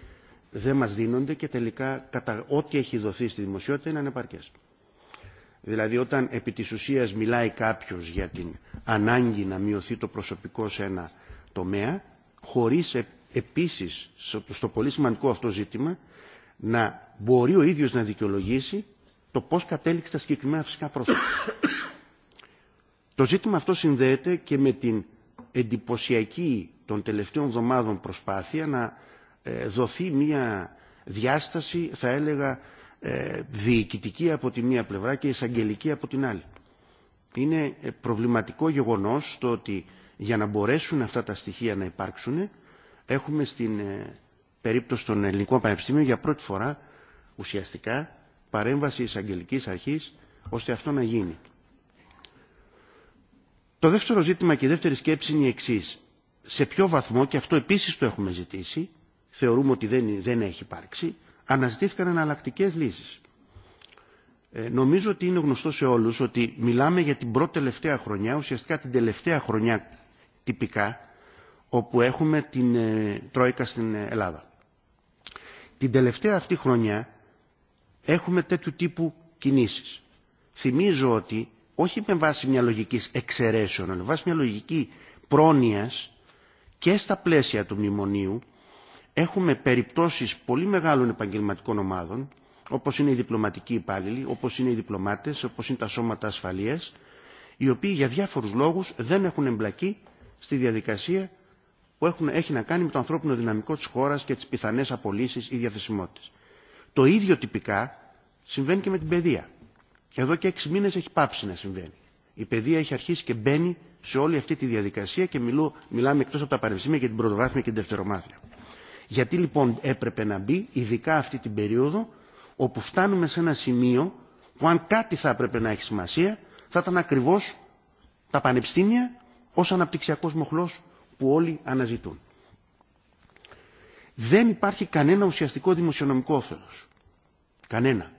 Speaker 5: δεν μας δίνονται και τελικά κατα... ό,τι έχει δοθεί στη δημοσιότητα είναι ανεπαρκές. Δηλαδή όταν επί της ουσίας μιλάει κάποιος για την ανάγκη να μειωθεί το προσωπικό σε ένα τομέα, χωρίς ε, επίσης στο πολύ σημαντικό αυτό ζήτημα να μπορεί ο ίδιος να δικαιολογήσει το πώς κατέληξε τα συγκεκριμένα φυσικά πρόσωπα. το ζήτημα αυτό συνδέεται και με την εντυπωσιακή των τελευταίων εβδομάδων προσπάθεια να δοθεί μια διάσταση, θα έλεγα, ε, διοικητική από τη μία πλευρά και εισαγγελική από την άλλη. Είναι ε, προβληματικό γεγονός το ότι για να μπορέσουν αυτά τα στοιχεία να υπάρξουν έχουμε στην ε, περίπτωση των ελληνικών πανεπιστήμιων για πρώτη φορά ουσιαστικά παρέμβαση εισαγγελική αρχής ώστε αυτό να γίνει. Το δεύτερο ζήτημα και η δεύτερη σκέψη είναι η εξή. Σε ποιο βαθμό, και αυτό επίσης το έχουμε ζητήσει, θεωρούμε ότι δεν, δεν έχει υπάρξει, αναζητήθηκαν εναλλακτικέ λύσεις. Ε, νομίζω ότι είναι γνωστό σε όλους ότι μιλάμε για την πρώτη τελευταία χρονιά, ουσιαστικά την τελευταία χρονιά τυπικά, όπου έχουμε την ε, Τρόικα στην ε, Ελλάδα. Την τελευταία αυτή χρονιά έχουμε τέτοιου τύπου κινήσεις. Θυμίζω ότι όχι με βάση μια λογική εξαιρέσεων, αλλά με βάση μια λογική πρόνοιας και στα πλαίσια του μνημονίου έχουμε περιπτώσεις πολύ μεγάλων επαγγελματικών ομάδων, όπως είναι οι διπλωματικοί υπάλληλοι, όπως είναι οι διπλωμάτες, όπως είναι τα σώματα ασφαλείας, οι οποίοι για διάφορους λόγους δεν έχουν εμπλακεί στη διαδικασία που έχουν, έχει να κάνει με το ανθρώπινο δυναμικό της χώρας και τις πιθανές απολύσεις ή διαθεσιμότητες. Το ίδιο τυπικά συμβαίνει και με την παιδεία. Εδώ και έξι μήνες έχει πάψει να συμβαίνει. Η παιδεία έχει αρχίσει και μπαίνει σε όλη αυτή τη διαδικασία και μιλάμε εκτός από τα πανεπιστήμια και την πρωτοβάθμια και την γιατί λοιπόν έπρεπε να μπει, ειδικά αυτή την περίοδο, όπου φτάνουμε σε ένα σημείο που αν κάτι θα έπρεπε να έχει σημασία, θα ήταν ακριβώς τα πανεπιστήμια ως αναπτυξιακός μοχλός που όλοι αναζητούν. Δεν υπάρχει κανένα ουσιαστικό δημοσιονομικό όφελος. Κανένα.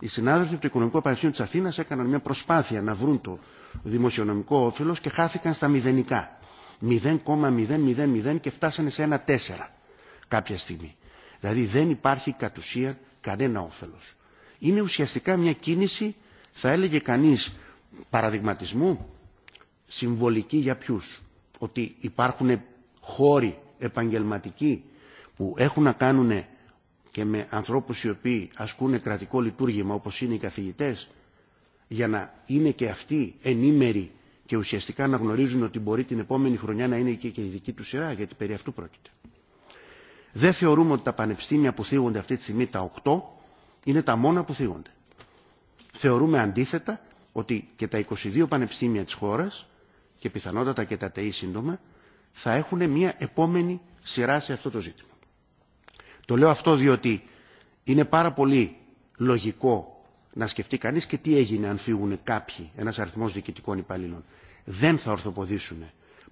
Speaker 5: Οι συνάδελφοι του Οικονομικού Πανεπιστήμιου της Αθήνας έκαναν μια προσπάθεια να βρουν το δημοσιονομικό όφελος και χάθηκαν στα μηδενικά. 0,000 και φτάσανε σε ένα τέσσερα κάποια στιγμή. Δηλαδή δεν υπάρχει κατ' ουσία κανένα όφελος. Είναι ουσιαστικά μια κίνηση, θα έλεγε κανείς, παραδειγματισμού, συμβολική για ποιους. Ότι υπάρχουν χώροι επαγγελματικοί που έχουν να κάνουν και με ανθρώπους οι οποίοι ασκούν κρατικό λειτουργήμα όπως είναι οι καθηγητές για να είναι και αυτοί ενήμεροι και ουσιαστικά να γνωρίζουν ότι μπορεί την επόμενη χρονιά να είναι και η δική του σειρά γιατί περί αυτού πρόκειται. Δεν θεωρούμε ότι τα πανεπιστήμια που θίγονται αυτή τη στιγμή, τα 8, είναι τα μόνα που θίγονται. Θεωρούμε αντίθετα ότι και τα 22 πανεπιστήμια της χώρας και πιθανότατα και τα ΤΕΗ σύντομα θα έχουν μια επόμενη σειρά σε αυτό το ζήτημα. Το λέω αυτό διότι είναι πάρα πολύ λογικό να σκεφτεί κανείς και τι έγινε αν φύγουν κάποιοι, ένας αριθμός διοικητικών υπαλλήλων. Δεν θα ορθοποδήσουν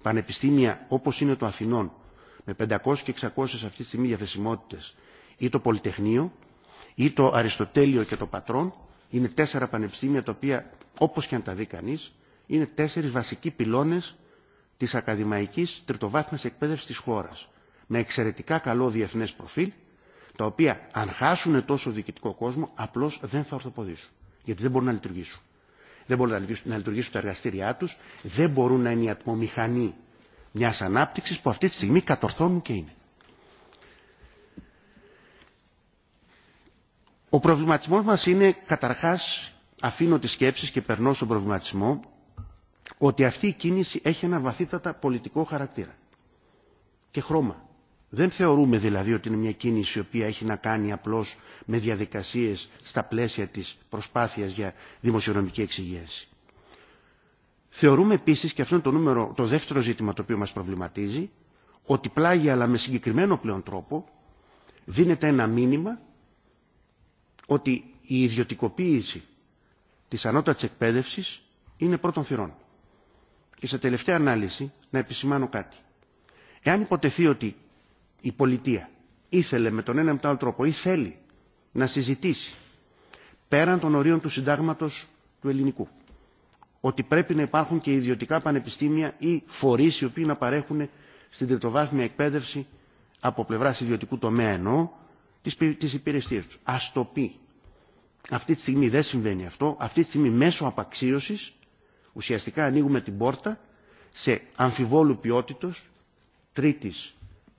Speaker 5: πανεπιστήμια όπως είναι το Αθηνών με 500 και 600 αυτή τη στιγμή διαθεσιμότητες ή το Πολυτεχνείο ή το Αριστοτέλειο και το Πατρόν είναι τέσσερα πανεπιστήμια τα οποία όπως και αν τα δει κανεί, είναι τέσσερις βασικοί πυλώνες της ακαδημαϊκής τριτοβάθμιας εκπαίδευσης της χώρας με εξαιρετικά καλό διεθνές προφίλ τα οποία αν χάσουν τόσο διοικητικό κόσμο απλώς δεν θα ορθοποδήσουν γιατί δεν μπορούν να λειτουργήσουν. Δεν μπορούν να λειτουργήσουν, τα εργαστήριά τους, δεν μπορούν να είναι η ατμομηχανή μιας ανάπτυξης που αυτή τη στιγμή κατορθώνουν και είναι. Ο προβληματισμός μας είναι καταρχάς, αφήνω τις σκέψεις και περνώ στον προβληματισμό, ότι αυτή η κίνηση έχει ένα βαθύτατα πολιτικό χαρακτήρα και χρώμα. Δεν θεωρούμε δηλαδή ότι είναι μια κίνηση η οποία έχει να κάνει απλώς με διαδικασίες στα πλαίσια της προσπάθειας για δημοσιονομική εξυγίανση. Θεωρούμε επίσης, και αυτό είναι το, νούμερο, το δεύτερο ζήτημα το οποίο μας προβληματίζει, ότι πλάγια αλλά με συγκεκριμένο πλέον τρόπο δίνεται ένα μήνυμα ότι η ιδιωτικοποίηση της ανώτατης εκπαίδευσης είναι πρώτον θυρών. Και σε τελευταία ανάλυση να επισημάνω κάτι. Εάν υποτεθεί ότι η πολιτεία ήθελε με τον ένα ή τον άλλο τρόπο ή θέλει να συζητήσει πέραν των ορίων του συντάγματος του ελληνικού ότι πρέπει να υπάρχουν και ιδιωτικά πανεπιστήμια ή φορείς οι οποίοι να παρέχουν στην τριτοβάθμια εκπαίδευση από πλευρά ιδιωτικού τομέα εννοώ τι υπηρεσίε του. Α το πει. Αυτή τη στιγμή δεν συμβαίνει αυτό. Αυτή τη στιγμή μέσω απαξίωση ουσιαστικά ανοίγουμε την πόρτα σε αμφιβόλου ποιότητος, τρίτης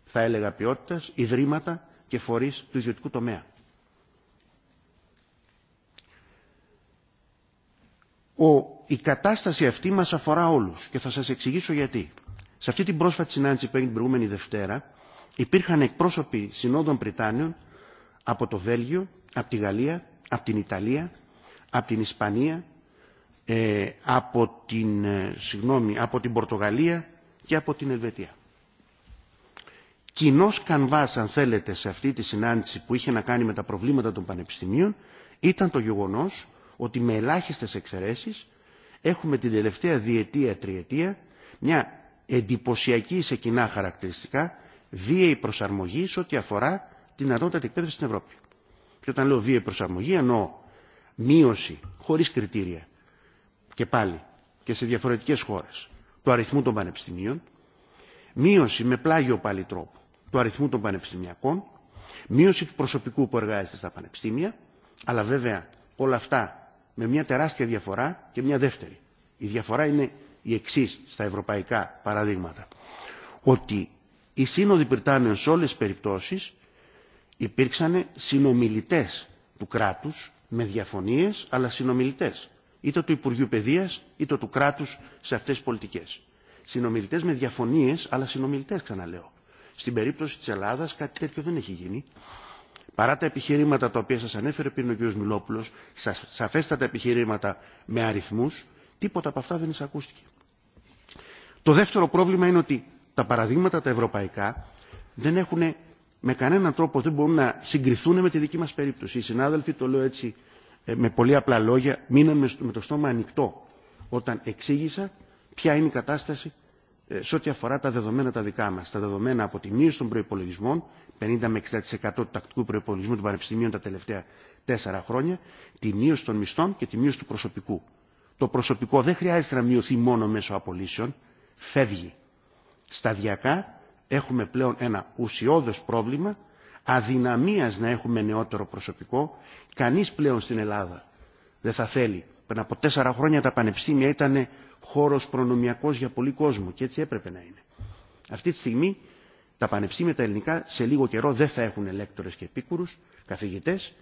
Speaker 5: θα έλεγα ποιότητα, ιδρύματα και φορεί του ιδιωτικού τομέα. Ο, η κατάσταση αυτή μας αφορά όλους και θα σας εξηγήσω γιατί. Σε αυτή την πρόσφατη συνάντηση που έγινε την προηγούμενη Δευτέρα υπήρχαν εκπρόσωποι συνόδων Πριτάνιων από το Βέλγιο, από τη Γαλλία, από την Ιταλία, από την Ισπανία, ε, από, την, ε, από την Πορτογαλία και από την Ελβετία. Κοινό κανβάς, αν θέλετε, σε αυτή τη συνάντηση που είχε να κάνει με τα προβλήματα των πανεπιστημίων ήταν το γεγονός ότι με ελάχιστες εξαιρέσεις έχουμε την τελευταία διετία-τριετία μια εντυπωσιακή σε κοινά χαρακτηριστικά βίαιη προσαρμογή σε ό,τι αφορά την ανώτατη εκπαίδευση στην Ευρώπη. Και όταν λέω βίαιη προσαρμογή εννοώ μείωση χωρίς κριτήρια και πάλι και σε διαφορετικές χώρες του αριθμού των πανεπιστημίων, μείωση με πλάγιο πάλι τρόπο του αριθμού των πανεπιστημιακών, μείωση του προσωπικού που εργάζεται στα πανεπιστήμια, αλλά βέβαια όλα αυτά με μια τεράστια διαφορά και μια δεύτερη. Η διαφορά είναι η εξή στα ευρωπαϊκά παραδείγματα. Ότι οι σύνοδοι Πυρτάνεων σε όλες τις περιπτώσεις υπήρξαν συνομιλητές του κράτους με διαφωνίες αλλά συνομιλητές είτε του Υπουργείου Παιδείας είτε του κράτους σε αυτές τις πολιτικές. Συνομιλητές με διαφωνίες αλλά συνομιλητές ξαναλέω. Στην περίπτωση της Ελλάδας κάτι τέτοιο δεν έχει γίνει. Παρά τα επιχειρήματα τα οποία σας ανέφερε πριν ο κ. Μιλόπουλος, σαφέστατα επιχειρήματα με αριθμούς, τίποτα από αυτά δεν εισακούστηκε. Το δεύτερο πρόβλημα είναι ότι τα παραδείγματα τα ευρωπαϊκά δεν έχουν, με κανέναν τρόπο δεν μπορούν να συγκριθούν με τη δική μας περίπτωση. Οι συνάδελφοι, το λέω έτσι ε, με πολύ απλά λόγια, μείναμε με το στόμα ανοιχτό όταν εξήγησα ποια είναι η κατάσταση ε, σε ό,τι αφορά τα δεδομένα τα δικά μας. Τα δεδομένα από τη μείωση των προπολογισμών. 50 με 60% του τακτικού προπολογισμού των πανεπιστημίων τα τελευταία τέσσερα χρόνια, τη μείωση των μισθών και τη μείωση του προσωπικού. Το προσωπικό δεν χρειάζεται να μειωθεί μόνο μέσω απολύσεων, φεύγει. Σταδιακά έχουμε πλέον ένα ουσιώδες πρόβλημα αδυναμίας να έχουμε νεότερο προσωπικό. Κανείς πλέον στην Ελλάδα δεν θα θέλει. Πριν από τέσσερα χρόνια τα πανεπιστήμια ήταν χώρος προνομιακός για πολύ κόσμο και έτσι έπρεπε να είναι. Αυτή τη στιγμή τα πανεπιστήμια τα ελληνικά σε λίγο καιρό δεν θα έχουν ελέκτορες και επίκουρους, καθηγητές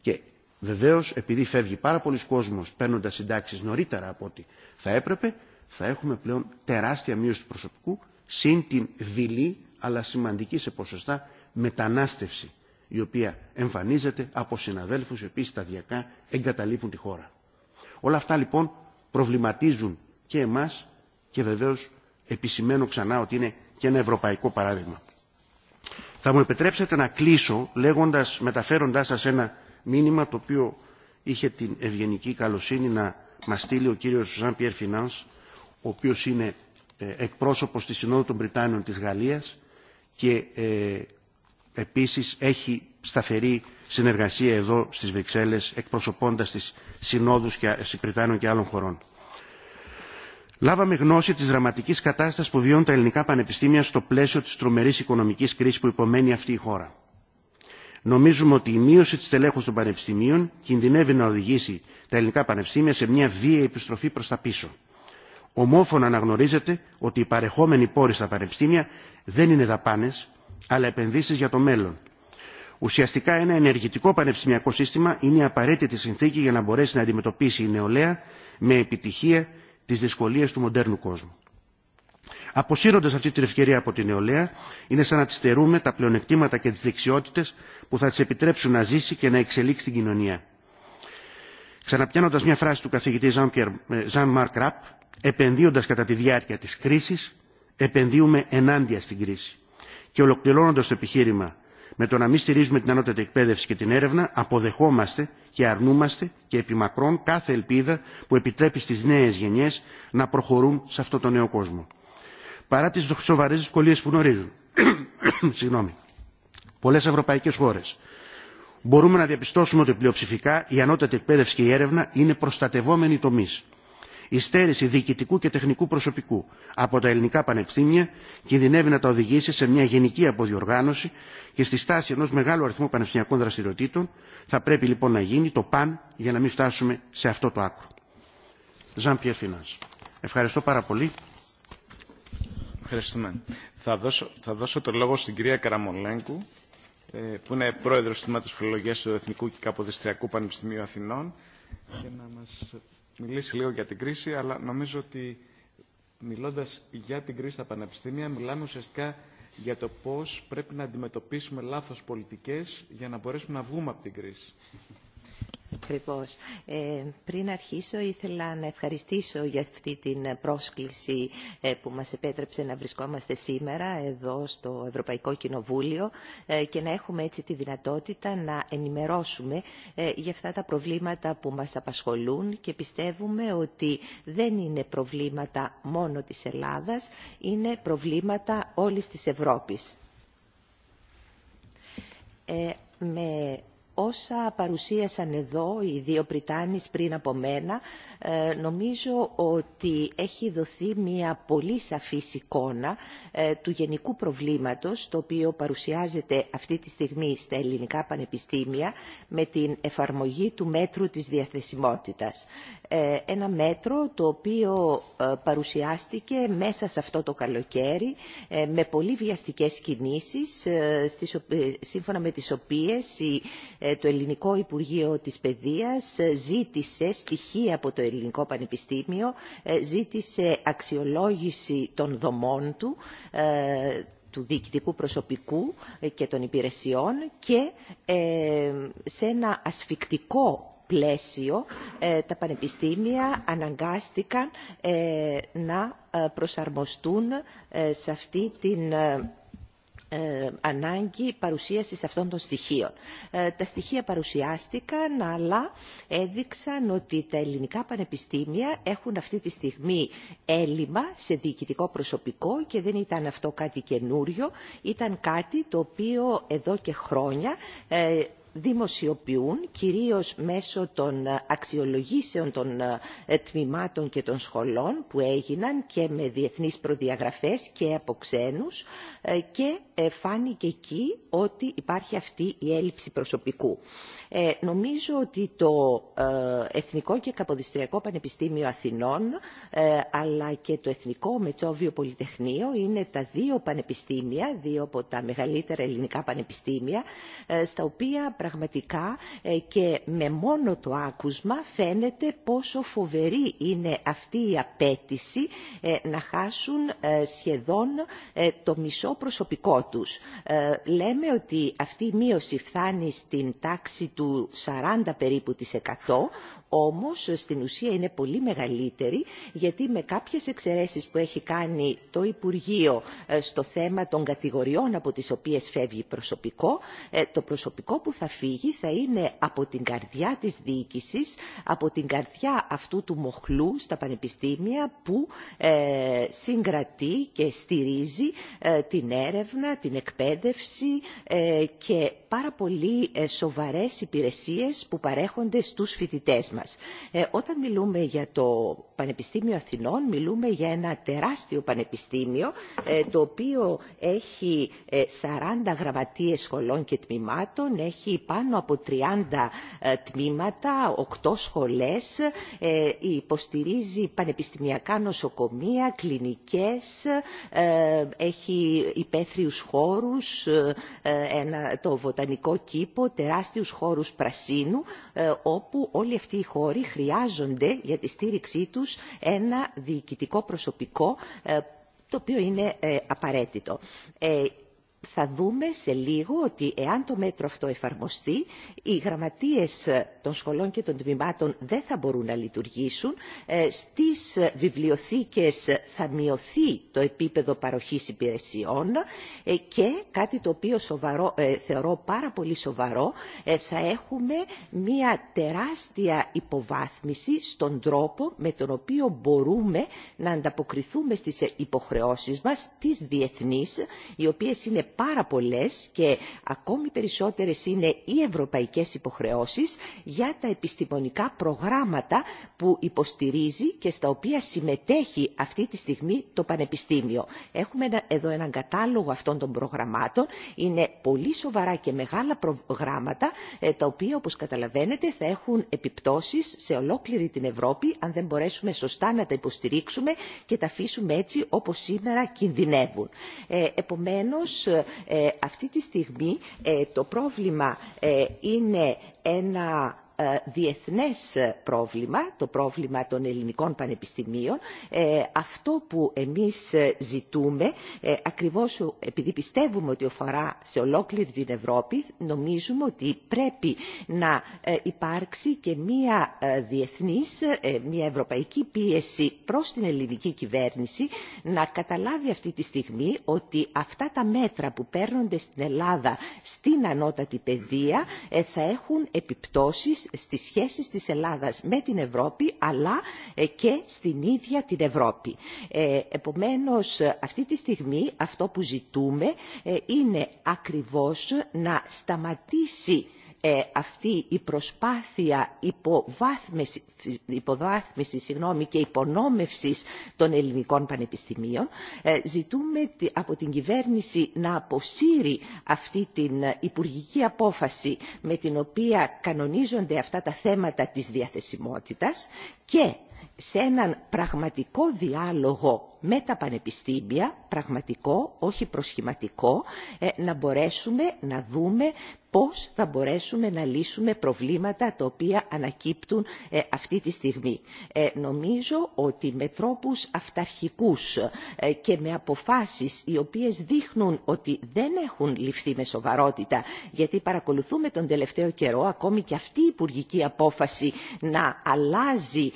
Speaker 5: και βεβαίως επειδή φεύγει πάρα πολλοί κόσμος παίρνοντας συντάξεις νωρίτερα από ό,τι θα έπρεπε, θα έχουμε πλέον τεράστια μείωση του προσωπικού συν την δειλή αλλά σημαντική σε ποσοστά μετανάστευση η οποία εμφανίζεται από συναδέλφους οι οποίοι σταδιακά εγκαταλείπουν τη χώρα. Όλα αυτά λοιπόν προβληματίζουν και εμάς και βεβαίως επισημαίνω ξανά ότι είναι και ένα ευρωπαϊκό παράδειγμα. Θα μου επιτρέψετε να κλείσω λέγοντας, μεταφέροντάς σας ένα μήνυμα το οποίο είχε την ευγενική καλοσύνη να μας στείλει ο κύριος Ζαν Πιέρ Φινάνς, ο οποίος είναι ε, εκπρόσωπος της Συνόδου των Βρυτάνιων της Γαλλίας και ε, επίσης έχει σταθερή συνεργασία εδώ στις Βρυξέλλες εκπροσωπώντας τις Συνόδους και ε, και άλλων χωρών λάβαμε γνώση της δραματικής κατάστασης που βιώνουν τα ελληνικά πανεπιστήμια στο πλαίσιο της τρομερής οικονομικής κρίσης που υπομένει αυτή η χώρα. Νομίζουμε ότι η μείωση της τελέχους των πανεπιστημίων κινδυνεύει να οδηγήσει τα ελληνικά πανεπιστήμια σε μια βία επιστροφή προς τα πίσω. Ομόφωνα αναγνωρίζεται ότι οι παρεχόμενοι πόροι στα πανεπιστήμια δεν είναι δαπάνες, αλλά επενδύσεις για το μέλλον. Ουσιαστικά ένα ενεργητικό πανεπιστημιακό σύστημα είναι η απαραίτητη συνθήκη για να μπορέσει να αντιμετωπίσει η νεολαία με επιτυχία τις δυσκολίε του μοντέρνου κόσμου. Αποσύροντας αυτή την ευκαιρία από την νεολαία, είναι σαν να τη στερούμε τα πλεονεκτήματα και τις δεξιότητε που θα τη επιτρέψουν να ζήσει και να εξελίξει την κοινωνία. Ξαναπιάνοντας μια φράση του καθηγητή Ζαν Μαρκ Ραπ, επενδύοντας κατά τη διάρκεια της κρίσης, επενδύουμε ενάντια στην κρίση. Και ολοκληρώνοντα το επιχείρημα με το να μην στηρίζουμε την ανώτατη εκπαίδευση και την έρευνα αποδεχόμαστε και αρνούμαστε και επιμακρών κάθε ελπίδα που επιτρέπει στις νέες γενιές να προχωρούν σε αυτό το νέο κόσμο. Παρά τις σοβαρέ δυσκολίε που γνωρίζουν, πολλέ πολλές ευρωπαϊκές χώρες, μπορούμε να διαπιστώσουμε ότι πλειοψηφικά η ανώτατη εκπαίδευση και η έρευνα είναι προστατευόμενοι τομείς η στέρηση διοικητικού και τεχνικού προσωπικού από τα ελληνικά πανεπιστήμια κινδυνεύει να τα οδηγήσει σε μια γενική αποδιοργάνωση και στη στάση ενό μεγάλου αριθμού πανεπιστημιακών δραστηριοτήτων. Θα πρέπει λοιπόν να γίνει το παν για να μην φτάσουμε σε αυτό το άκρο. Ζαν Ευχαριστώ πάρα πολύ. Ευχαριστούμε. Θα δώσω,
Speaker 3: θα δώσω το λόγο στην κυρία Καραμολέγκου, ε, που είναι πρόεδρος του Τμήματος Φιλολογίας του Εθνικού και Καποδιστριακού Πανεπιστημίου Αθηνών, για να μας μιλήσει λίγο για την κρίση, αλλά νομίζω ότι μιλώντας για την κρίση στα πανεπιστήμια, μιλάμε ουσιαστικά για το πώς πρέπει να αντιμετωπίσουμε λάθος πολιτικές για να μπορέσουμε να βγούμε από την κρίση.
Speaker 6: Ε, πριν αρχίσω ήθελα να ευχαριστήσω για αυτή την πρόσκληση ε, που μας επέτρεψε να βρισκόμαστε σήμερα εδώ στο Ευρωπαϊκό Κοινοβούλιο ε, και να έχουμε έτσι τη δυνατότητα να ενημερώσουμε για αυτά τα προβλήματα που μας απασχολούν και πιστεύουμε ότι δεν είναι προβλήματα μόνο της Ελλάδας, είναι προβλήματα όλης της Ευρώπης. με όσα παρουσίασαν εδώ οι δύο Πριτάνης πριν από μένα, ε, νομίζω ότι έχει δοθεί μια πολύ σαφή εικόνα ε, του γενικού προβλήματος, το οποίο παρουσιάζεται αυτή τη στιγμή στα ελληνικά πανεπιστήμια με την εφαρμογή του μέτρου της διαθεσιμότητας. Ε, ένα μέτρο το οποίο παρουσιάστηκε μέσα σε αυτό το καλοκαίρι με πολύ βιαστικές κινήσεις, σύμφωνα με τις οποίες οι ε, το ελληνικό υπουργείο της παιδείας ε, ζήτησε στοιχεία από το ελληνικό πανεπιστήμιο ε, ζήτησε αξιολόγηση των δομών του του διοικητικού προσωπικού και των υπηρεσιών και σε ένα ασφικτικό πλαίσιο τα πανεπιστήμια αναγκάστηκαν να προσαρμοστούν σε αυτή την ε, ανάγκη παρουσίασης αυτών των στοιχείων. Ε, τα στοιχεία παρουσιάστηκαν, αλλά έδειξαν ότι τα ελληνικά πανεπιστήμια έχουν αυτή τη στιγμή έλλειμμα σε διοικητικό προσωπικό και δεν ήταν αυτό κάτι καινούριο. Ήταν κάτι το οποίο εδώ και χρόνια ε, δημοσιοποιούν κυρίως μέσω των ε, αξιολογήσεων των ε, ε, τμήματων και των σχολών που έγιναν και με διεθνείς προδιαγραφές και από ξένους και φάνηκε εκεί ότι υπάρχει αυτή η έλλειψη προσωπικού. νομίζω ότι το Εθνικό και Καποδιστριακό Πανεπιστήμιο Αθηνών αλλά και το Εθνικό Μετσόβιο Πολυτεχνείο είναι τα δύο πανεπιστήμια, δύο από τα μεγαλύτερα ελληνικά πανεπιστήμια στα οποία πραγματικά ε, και με μόνο το άκουσμα φαίνεται πόσο φοβερή είναι αυτή η απέτηση ε, να χάσουν ε, σχεδόν το μισό προσωπικό τους. Λέμε ότι αυτή η μείωση φτάνει στην τάξη του 40 περίπου της 100, όμως στην ουσία είναι πολύ μεγαλύτερη γιατί με κάποιες εξαιρέσεις που έχει κάνει το Υπουργείο στο θέμα των κατηγοριών από τις οποίες φεύγει προσωπικό, το προσωπικό που θα φύγει θα είναι από την καρδιά της διοίκησης, από την καρδιά αυτού του μοχλού στα πανεπιστήμια που ε, συγκρατεί και στηρίζει ε, την έρευνα, την εκπαίδευση ε, και πάρα πολύ σοβαρές υπηρεσίες που παρέχονται στους φοιτητές μας. Όταν μιλούμε για το Πανεπιστήμιο Αθηνών, μιλούμε για ένα τεράστιο πανεπιστήμιο το οποίο έχει 40 γραμματείες σχολών και τμήματων, έχει πάνω από 30 ε, τμήματα, 8 σχολές, ε, υποστηρίζει πανεπιστημιακά νοσοκομεία, κλινικές, ε, έχει υπαίθριους χώρους, το βοτανικό κήπο, τεράστιους χώρους πρασίνου, όπου όλοι αυτοί οι χώροι χρειάζονται για τη στήριξή τους ένα διοικητικό προσωπικό το οποίο είναι απαραίτητο θα δούμε σε λίγο ότι εάν το μέτρο αυτό εφαρμοστεί, οι γραμματείες των σχολών και των τμήματων δεν θα μπορούν να λειτουργήσουν. Ε, στις βιβλιοθήκες θα μειωθεί το επίπεδο παροχής υπηρεσιών ε, και κάτι το οποίο ε, θεωρώ πάρα πολύ σοβαρό, θα έχουμε μια τεράστια υποβάθμιση στον τρόπο με τον οποίο μπορούμε να ανταποκριθούμε στις υποχρεώσεις μας, τις διεθνείς, οι οποίες είναι πάρα πολλές και ακόμη περισσότερες είναι οι ευρωπαϊκές υποχρεώσεις για τα επιστημονικά προγράμματα που υποστηρίζει και στα οποία συμμετέχει αυτή τη στιγμή το Πανεπιστήμιο. Έχουμε εδώ έναν κατάλογο αυτών των προγραμμάτων. Είναι πολύ σοβαρά και μεγάλα προγράμματα ε, τα οποία όπως καταλαβαίνετε θα έχουν επιπτώσεις σε ολόκληρη την Ευρώπη αν δεν μπορέσουμε σωστά να τα υποστηρίξουμε και τα αφήσουμε έτσι όπως σήμερα κινδυνεύουν. Ε, επομένως ε, ε, αυτή τη στιγμή ε, το πρόβλημα ε, είναι ένα ε, διεθνές ε, πρόβλημα, το πρόβλημα των ελληνικών πανεπιστημίων. Ε, αυτό που εμείς ζητούμε, ακριβώς επειδή πιστεύουμε ότι αφορά σε ολόκληρη την Ευρώπη, νομίζουμε ότι πρέπει να υπάρξει και μία διεθνής, μία ευρωπαϊκή πίεση προς την ελληνική κυβέρνηση να καταλάβει αυτή τη στιγμή ότι αυτά τα μέτρα που παίρνονται στην Ελλάδα στην ανώτατη παιδεία θα έχουν επιπτώσεις στις σχέσεις της Ελλάδας με την Ευρώπη αλλά ε, και στην ίδια την Ευρώπη. Ε, επομένως, αυτή τη στιγμή αυτό που ζητούμε ε, είναι ακριβώς να σταματήσει ε, αυτή η προσπάθεια υποβάθμιση, και υπονόμευση των ελληνικών πανεπιστημίων. Ε, ζητούμε από την κυβέρνηση να αποσύρει αυτή την ε, υπουργική απόφαση με την οποία κανονίζονται αυτά τα θέματα της διαθεσιμότητας και σε έναν πραγματικό διάλογο με τα πανεπιστήμια, πραγματικό, όχι προσχηματικό, ε, να μπορέσουμε να δούμε πώς θα μπορέσουμε να λύσουμε προβλήματα τα οποία ανακύπτουν ε, αυτή τη στιγμή. Ε, νομίζω ότι με τρόπους αυταρχικούς και με αποφάσεις οι οποίες δείχνουν ότι δεν έχουν ληφθεί με σοβαρότητα, γιατί παρακολουθούμε τον τελευταίο καιρό ακόμη και αυτή η υπουργική απόφαση να αλλάζει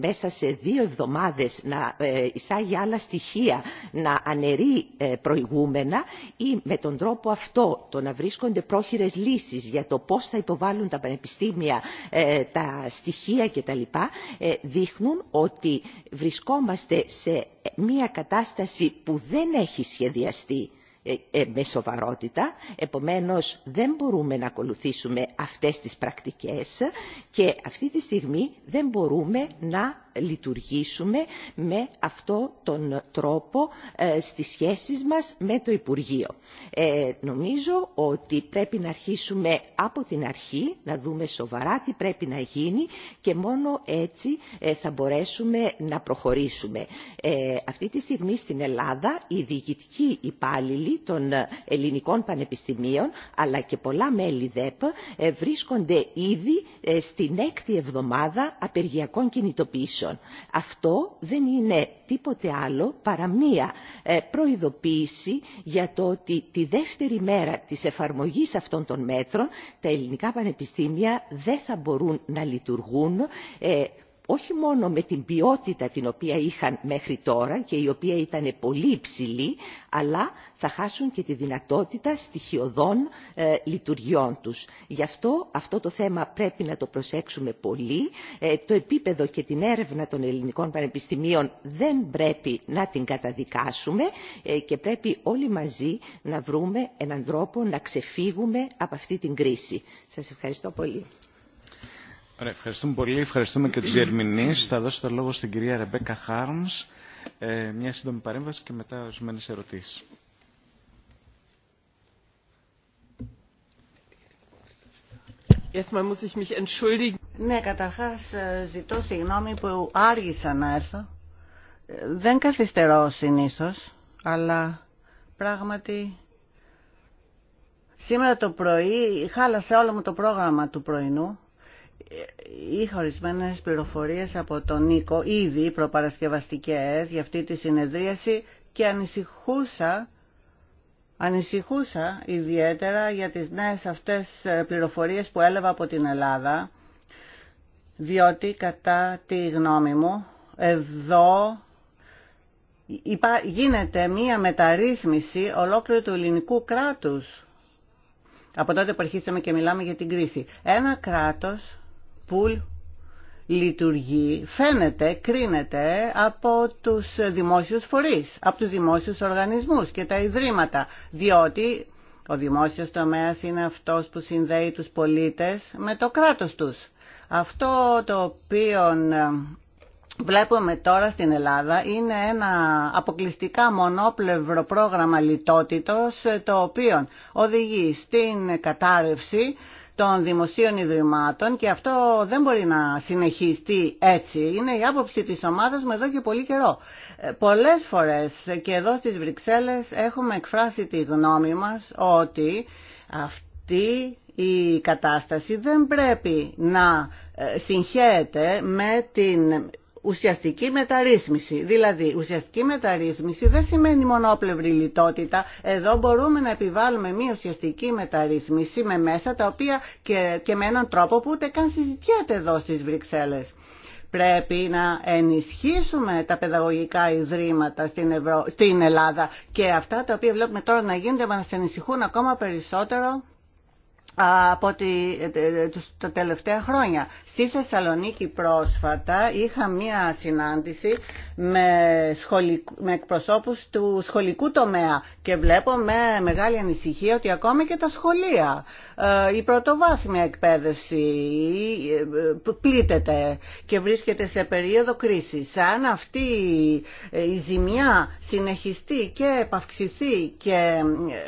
Speaker 6: μέσα σε δύο εβδομάδες να ε, εισάγει άλλα στοιχεία, να αναιρεί ε, προηγούμενα ή με τον τρόπο αυτό το να βρίσκονται πρόχειρες λύσεις για το πώς θα υποβάλουν τα πανεπιστήμια ε, τα στοιχεία κτλ. δείχνουν ότι βρισκόμαστε σε μια κατάσταση που δεν έχει σχεδιαστεί ε, ε, με σοβαρότητα. Επομένως δεν μπορούμε να ακολουθήσουμε αυτές τις πρακτικές και αυτή τη στιγμή δεν μπορούμε να λειτουργήσουμε με αυτό τον τρόπο ε, στις σχέσεις μας με το Υπουργείο. Ε, νομίζω ότι πρέπει να αρχίσουμε από την αρχή, να δούμε σοβαρά τι πρέπει να γίνει και μόνο έτσι ε, θα μπορέσουμε να προχωρήσουμε. Αυτή τη στιγμή στην Ελλάδα οι διοικητικοί υπάλληλοι των ελληνικών πανεπιστημίων αλλά και πολλά μέλη ΔΕΠ βρίσκονται ήδη στην έκτη εβδομάδα απεργιακών κινητοποιήσεων αυτό δεν είναι τίποτε άλλο παρά μία ε, προειδοποίηση για το ότι τη δεύτερη μέρα της εφαρμογής αυτών των μέτρων τα ελληνικά πανεπιστήμια δεν θα μπορούν να λειτουργούν ε, όχι μόνο με την ποιότητα την οποία είχαν μέχρι τώρα και η οποία ήταν πολύ υψηλή, αλλά θα χάσουν και τη δυνατότητα στοιχειωδών ε, λειτουργιών τους. Γι' αυτό αυτό το θέμα πρέπει να το προσέξουμε πολύ. Ε, το επίπεδο και την έρευνα των ελληνικών πανεπιστημίων δεν πρέπει να την καταδικάσουμε ε, και πρέπει όλοι μαζί να βρούμε έναν τρόπο να ξεφύγουμε από αυτή την κρίση. Σας ευχαριστώ πολύ.
Speaker 3: Ωραία, ευχαριστούμε πολύ. Ευχαριστούμε και του διερμηνεί. Θα δώσω το λόγο στην κυρία Ρεμπέκα Χάρμ. Ε, μια σύντομη παρέμβαση και μετά ορισμένε ερωτήσεις.
Speaker 2: Ναι, καταρχά ε, ζητώ συγγνώμη που άργησα να έρθω. Ε, δεν καθυστερώ συνήθω, αλλά πράγματι σήμερα το πρωί χάλασε όλο μου το πρόγραμμα του πρωινού είχα ορισμένε πληροφορίες από τον Νίκο ήδη προπαρασκευαστικές για αυτή τη συνεδρίαση και ανησυχούσα Ανησυχούσα ιδιαίτερα για τις νέες αυτές πληροφορίες που έλαβα από την Ελλάδα, διότι κατά τη γνώμη μου εδώ γίνεται μία μεταρρύθμιση ολόκληρου του ελληνικού κράτους. Από τότε που αρχίσαμε και μιλάμε για την κρίση. Ένα κράτος που λειτουργεί, φαίνεται, κρίνεται από τους δημόσιους φορείς, από τους δημόσιους οργανισμούς και τα ιδρύματα, διότι ο δημόσιος τομέας είναι αυτός που συνδέει τους πολίτες με το κράτος τους. Αυτό το οποίο ε, βλέπουμε τώρα στην Ελλάδα είναι ένα αποκλειστικά μονόπλευρο πρόγραμμα λιτότητος ε, το οποίο οδηγεί στην κατάρρευση των δημοσίων ιδρυμάτων και αυτό δεν μπορεί να συνεχιστεί έτσι. Είναι η άποψη της ομάδας μου εδώ και πολύ καιρό. Ε, πολλές φορές και εδώ στις Βρυξέλλες έχουμε εκφράσει τη γνώμη μας ότι αυτή η κατάσταση δεν πρέπει να ε, συγχέεται με την ουσιαστική μεταρρύθμιση. Δηλαδή, ουσιαστική μεταρρύθμιση δεν σημαίνει μονόπλευρη λιτότητα. Εδώ μπορούμε να επιβάλλουμε μια ουσιαστική μεταρρύθμιση με μέσα τα οποία και, με έναν τρόπο που ούτε καν συζητιέται εδώ στις Βρυξέλλες. Πρέπει να ενισχύσουμε τα παιδαγωγικά ιδρύματα στην, Ελλάδα και αυτά τα οποία βλέπουμε τώρα να γίνονται μας ενισχύουν ακόμα περισσότερο από τη, ε, ε, τα τελευταία χρόνια. Στη Θεσσαλονίκη πρόσφατα είχα μία συνάντηση με, σχολικ, με εκπροσώπους του σχολικού τομέα και βλέπω με μεγάλη ανησυχία ότι ακόμα και τα σχολεία, ε, η πρωτοβάσιμη εκπαίδευση πλήττεται και βρίσκεται σε περίοδο κρίσης. Αν αυτή η ζημιά συνεχιστεί και επαυξηθεί και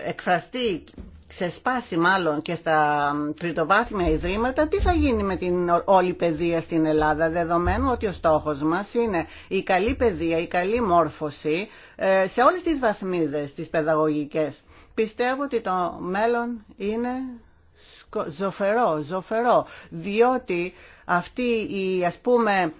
Speaker 2: εκφραστεί ξεσπάσει μάλλον και στα τριτοβάθμια ιδρύματα, τι θα γίνει με την όλη παιδεία στην Ελλάδα, δεδομένου ότι ο στόχος μας είναι η καλή παιδεία, η καλή μόρφωση ε, σε όλες τις βαθμίδες τις παιδαγωγικές. Πιστεύω ότι το μέλλον είναι ζωφερό, ζωφερό, διότι αυτή η ας πούμε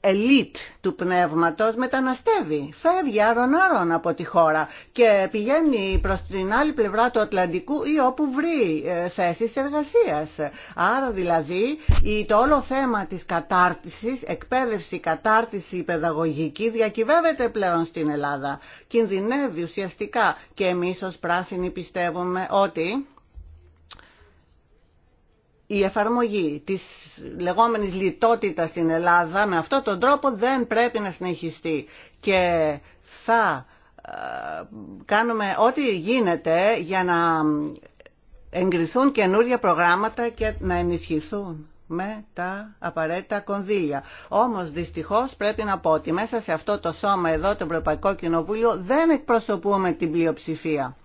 Speaker 2: ελίτ του πνεύματος μεταναστεύει, φεύγει άρον-άρον από τη χώρα και πηγαίνει προς την άλλη πλευρά του Ατλαντικού ή όπου βρει ε, θέσεις εργασίας. Άρα δηλαδή το όλο θέμα της κατάρτισης, εκπαίδευση, κατάρτιση, παιδαγωγική διακυβεύεται πλέον στην Ελλάδα. Κινδυνεύει ουσιαστικά και εμείς ως πράσινοι πιστεύουμε ότι η εφαρμογή της λεγόμενης λιτότητας στην Ελλάδα με αυτόν τον τρόπο δεν πρέπει να συνεχιστεί και θα ε, κάνουμε ό,τι γίνεται για να εγκριθούν καινούργια προγράμματα και να ενισχυθούν με τα απαραίτητα κονδύλια. Όμως δυστυχώς πρέπει να πω ότι μέσα σε αυτό το σώμα εδώ, το Ευρωπαϊκό Κοινοβούλιο, δεν εκπροσωπούμε την πλειοψηφία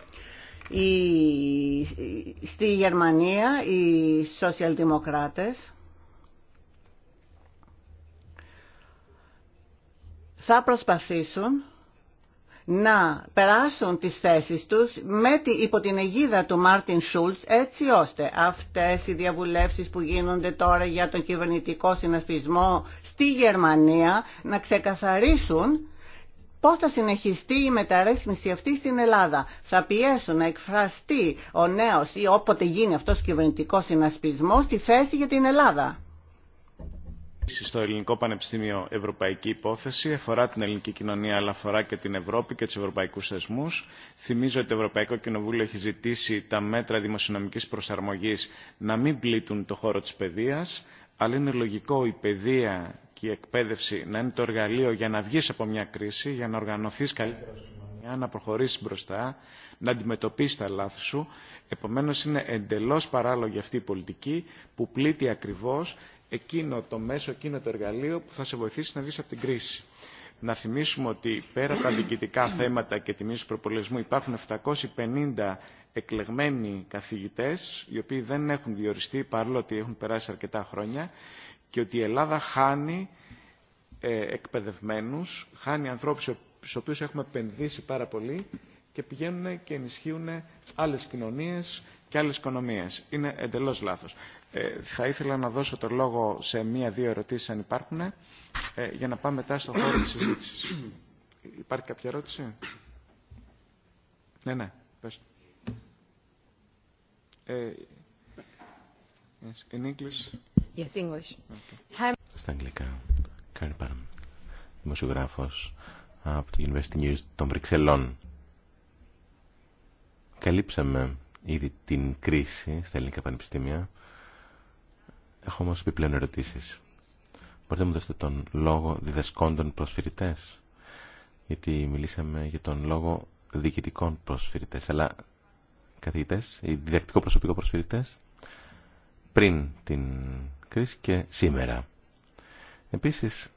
Speaker 2: στη Γερμανία οι σοσιαλδημοκράτες θα προσπαθήσουν να περάσουν τις θέσεις τους με τη, υπό την αιγίδα του Μάρτιν Σούλτς έτσι ώστε αυτές οι διαβουλεύσεις που γίνονται τώρα για τον κυβερνητικό συνασπισμό στη Γερμανία να ξεκαθαρίσουν πώς θα συνεχιστεί η μεταρρύθμιση αυτή στην Ελλάδα. Θα πιέσουν να εκφραστεί ο νέος ή όποτε γίνει αυτός κυβερνητικό συνασπισμό τη θέση για την Ελλάδα.
Speaker 3: Στο Ελληνικό Πανεπιστήμιο Ευρωπαϊκή Υπόθεση αφορά την ελληνική κοινωνία αλλά αφορά και την Ευρώπη και του ευρωπαϊκού θεσμού. Θυμίζω ότι το Ευρωπαϊκό Κοινοβούλιο έχει ζητήσει τα μέτρα δημοσιονομική προσαρμογή να μην πλήττουν το χώρο τη παιδεία, αλλά είναι λογικό η παιδεία η εκπαίδευση να είναι το εργαλείο για να βγεις από μια κρίση, για να οργανωθείς καλύτερα να προχωρήσεις μπροστά, να αντιμετωπίσεις τα λάθη σου. Επομένως είναι εντελώς παράλογη αυτή η πολιτική που πλήττει ακριβώς εκείνο το μέσο, εκείνο το εργαλείο που θα σε βοηθήσει να βγεις από την κρίση. Να θυμίσουμε ότι πέρα από τα διοικητικά θέματα και τιμή του προπολογισμού υπάρχουν 750 εκλεγμένοι καθηγητές, οι οποίοι δεν έχουν διοριστεί παρόλο ότι έχουν περάσει αρκετά χρόνια και ότι η Ελλάδα χάνει ε, εκπαιδευμένους, χάνει ανθρώπους στους οποίους έχουμε επενδύσει πάρα πολύ και πηγαίνουν και ενισχύουν άλλες κοινωνίες και άλλες οικονομίες. Είναι εντελώς λάθος. Ε, θα ήθελα να δώσω το λόγο σε μία-δύο ερωτήσεις αν υπάρχουν ε, για να πάμε μετά στο χώρο της συζήτηση. Υπάρχει κάποια ερώτηση? Ναι, ναι, πες. Ε, in English.
Speaker 1: Στα αγγλικά. Κάριν Πάρμ, δημοσιογράφος από το University News των Βρυξελών. Καλύψαμε ήδη την κρίση στα ελληνικά πανεπιστήμια. Έχω όμως επιπλέον ερωτήσεις. Μπορείτε να μου δώσετε τον λόγο διδασκόντων προσφυρητές. Γιατί μιλήσαμε για τον λόγο διοικητικών προσφυρητές. Αλλά καθηγητές ή διδακτικό προσωπικό προσφυρητές πριν την κρίση και σήμερα. Επίσης,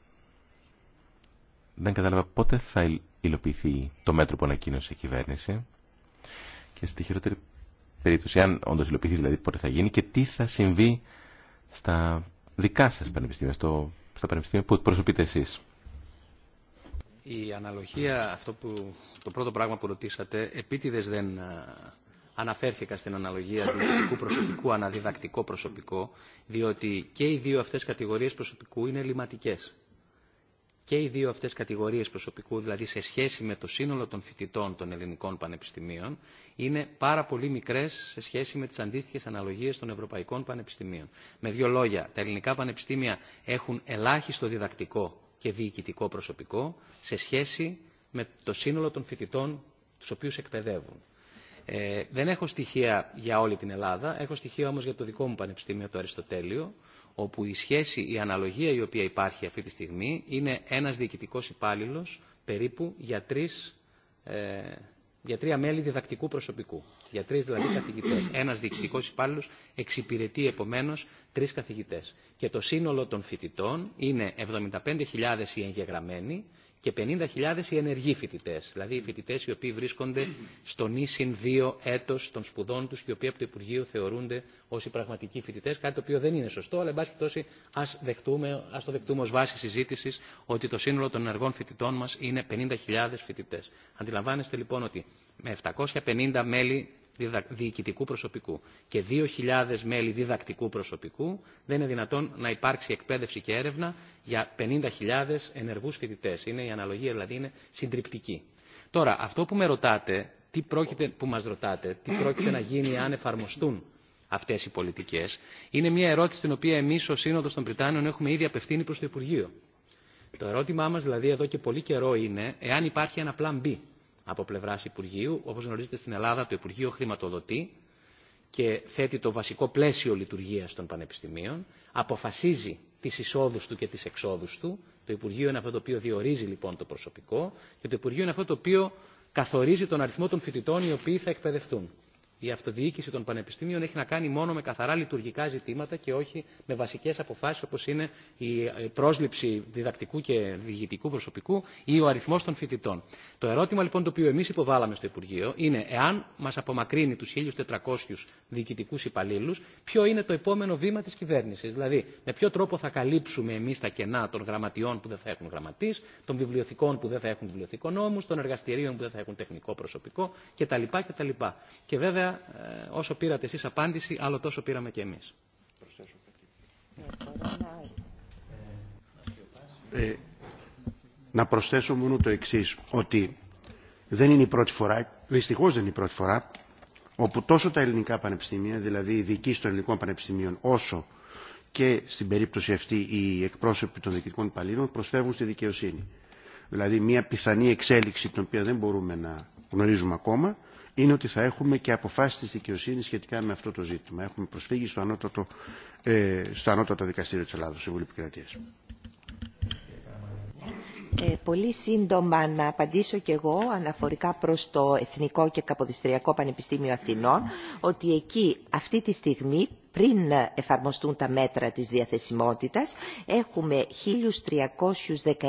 Speaker 1: δεν κατάλαβα πότε θα υλοποιηθεί το μέτρο που ανακοίνωσε η κυβέρνηση και στη χειρότερη περίπτωση, αν όντω υλοποιηθεί δηλαδή πότε θα γίνει και τι θα συμβεί στα δικά σας πανεπιστήμια, στο, στα πανεπιστήμια που προσωπείτε εσείς.
Speaker 4: Η αναλογία, αυτό που, το πρώτο πράγμα που ρωτήσατε, επίτηδες δεν αναφέρθηκα στην αναλογία διδακτικού προσωπικού αναδιδακτικό προσωπικό, διότι και οι δύο αυτές κατηγορίες προσωπικού είναι λιματικές. Και οι δύο αυτές κατηγορίες προσωπικού, δηλαδή σε σχέση με το σύνολο των φοιτητών των ελληνικών πανεπιστημίων, είναι πάρα πολύ μικρές σε σχέση με τις αντίστοιχες αναλογίες των ευρωπαϊκών πανεπιστημίων. Με δύο λόγια, τα ελληνικά πανεπιστήμια έχουν ελάχιστο διδακτικό και διοικητικό προσωπικό σε σχέση με το σύνολο των φοιτητών τους οποίους εκπαιδεύουν. Ε, δεν έχω στοιχεία για όλη την Ελλάδα, έχω στοιχεία όμως για το δικό μου πανεπιστήμιο, το Αριστοτέλειο, όπου η σχέση, η αναλογία η οποία υπάρχει αυτή τη στιγμή είναι ένας διοικητικός υπάλληλο περίπου για, τρεις, ε, για τρία μέλη διδακτικού προσωπικού. Για τρεις δηλαδή καθηγητές. Ένας διοικητικός υπάλληλο εξυπηρετεί επομένως τρεις καθηγητές. Και το σύνολο των φοιτητών είναι 75.000 οι εγγεγραμμένοι και 50.000 οι ενεργοί φοιτητέ, δηλαδή οι φοιτητέ οι οποίοι βρίσκονται στον ίσιν δύο έτο των σπουδών του και οι οποίοι από το Υπουργείο θεωρούνται ω οι πραγματικοί φοιτητέ, κάτι το οποίο δεν είναι σωστό, αλλά εν πάση περιπτώσει α το δεχτούμε ω βάση συζήτηση ότι το σύνολο των ενεργών φοιτητών μα είναι 50.000 φοιτητέ. Αντιλαμβάνεστε λοιπόν ότι με 750 μέλη διοικητικού προσωπικού και 2.000 μέλη διδακτικού προσωπικού, δεν είναι δυνατόν να υπάρξει εκπαίδευση και έρευνα για 50.000 ενεργούς φοιτητές. Είναι, η αναλογία δηλαδή είναι συντριπτική. Τώρα, αυτό που με ρωτάτε, τι πρόκειται, που μας ρωτάτε, τι πρόκειται να γίνει αν εφαρμοστούν αυτές οι πολιτικές, είναι μια ερώτηση την οποία εμείς ως Σύνοδος των Πριτάνων έχουμε ήδη απευθύνει προς το Υπουργείο. Το ερώτημά μας δηλαδή εδώ και πολύ καιρό είναι εάν υπάρχει ένα plan B από πλευρά Υπουργείου. Όπω γνωρίζετε, στην Ελλάδα το Υπουργείο χρηματοδοτεί και θέτει το βασικό πλαίσιο λειτουργία των πανεπιστημίων, αποφασίζει τι εισόδου του και τι εξόδου του. Το Υπουργείο είναι αυτό το οποίο διορίζει λοιπόν το προσωπικό και το Υπουργείο είναι αυτό το οποίο καθορίζει τον αριθμό των φοιτητών οι οποίοι θα εκπαιδευτούν η αυτοδιοίκηση των πανεπιστήμιων έχει να κάνει μόνο με καθαρά λειτουργικά ζητήματα και όχι με βασικέ αποφάσει όπω είναι η ε, πρόσληψη διδακτικού και διηγητικού προσωπικού ή ο αριθμό των φοιτητών. Το ερώτημα λοιπόν το οποίο εμεί υποβάλαμε στο Υπουργείο είναι εάν μα απομακρύνει του 1.400 διοικητικού υπαλλήλου, ποιο είναι το επόμενο βήμα τη κυβέρνηση. Δηλαδή, με ποιο τρόπο θα καλύψουμε εμεί τα κενά των γραμματιών που δεν θα έχουν γραμματεί, των βιβλιοθηκών που δεν θα έχουν βιβλιοθηκονόμου, των εργαστηρίων που δεν θα έχουν τεχνικό προσωπικό κτλ. Και βέβαια ε, όσο πήρατε εσείς απάντηση, άλλο τόσο πήραμε και εμείς. Ε, να
Speaker 5: προσθέσω μόνο το εξής, ότι δεν είναι η πρώτη φορά, δυστυχώς δεν είναι η πρώτη φορά, όπου τόσο τα ελληνικά πανεπιστήμια, δηλαδή οι διοικοί των ελληνικών πανεπιστήμιων, όσο και στην περίπτωση αυτή οι εκπρόσωποι των διοικητικών υπαλλήλων προσφεύγουν στη δικαιοσύνη. Δηλαδή μια πιθανή εξέλιξη την οποία δεν μπορούμε να γνωρίζουμε ακόμα είναι ότι θα έχουμε και αποφάσει της δικαιοσύνη σχετικά με αυτό το ζήτημα. Έχουμε προσφύγει στο ανώτατο, ε, στο ανώτατο δικαστήριο της Ελλάδος, Συμβούλη Επικρατεία.
Speaker 6: Ε, πολύ σύντομα να απαντήσω κι εγώ αναφορικά προς το Εθνικό και Καποδιστριακό Πανεπιστήμιο Αθηνών ότι εκεί αυτή τη στιγμή πριν εφαρμοστούν τα μέτρα της διαθεσιμότητας έχουμε 1.316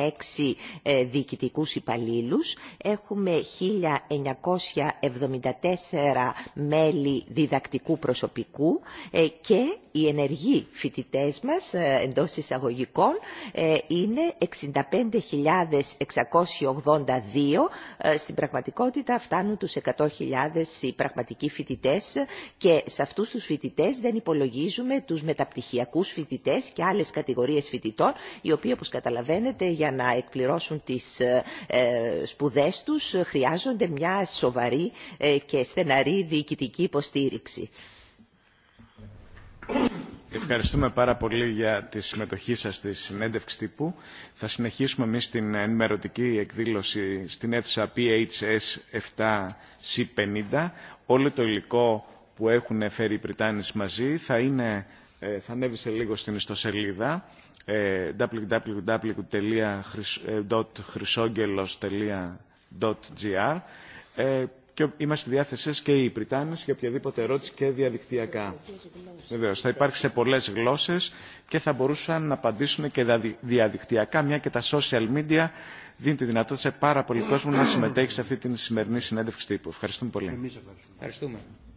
Speaker 6: ε, διοικητικούς υπαλλήλους, έχουμε 1.974 μέλη διδακτικού προσωπικού ε, και οι ενεργοί φοιτητές μας ε, εντός εισαγωγικών είναι 65.682 στην πραγματικότητα φτάνουν τους 100.000 οι πραγματικοί φοιτητές και σε αυτούς τους φοιτητές δεν υπολογίζονται υπολογίζουμε τους μεταπτυχιακούς φοιτητές και άλλες κατηγορίες φοιτητών, οι οποίοι όπως καταλαβαίνετε για να εκπληρώσουν τις ε, ε, σπουδές τους χρειάζονται μια σοβαρή ε, και στεναρή διοικητική υποστήριξη.
Speaker 3: Ευχαριστούμε πάρα πολύ για τη συμμετοχή σας στη συνέντευξη τύπου. Θα συνεχίσουμε εμείς την ενημερωτική εκδήλωση στην αίθουσα PHS 7C50. Όλο το υλικό που έχουν φέρει οι Πριτάνες μαζί θα, είναι, ε, θα ανέβει σε λίγο στην ιστοσελίδα ε, www.χρυσόγγελος.gr ε, και είμαστε διάθεσέ και οι Πριτάνες για οποιαδήποτε ερώτηση και διαδικτυακά. Βεβαίω, θα υπάρξει σε πολλές γλώσσες και θα μπορούσαν να απαντήσουν και διαδικτυακά, μια και τα social media δίνει τη δυνατότητα σε πάρα πολλοί κόσμο να συμμετέχει σε αυτή τη σημερινή συνέντευξη τύπου. Ευχαριστούμε πολύ.
Speaker 4: ευχαριστούμε.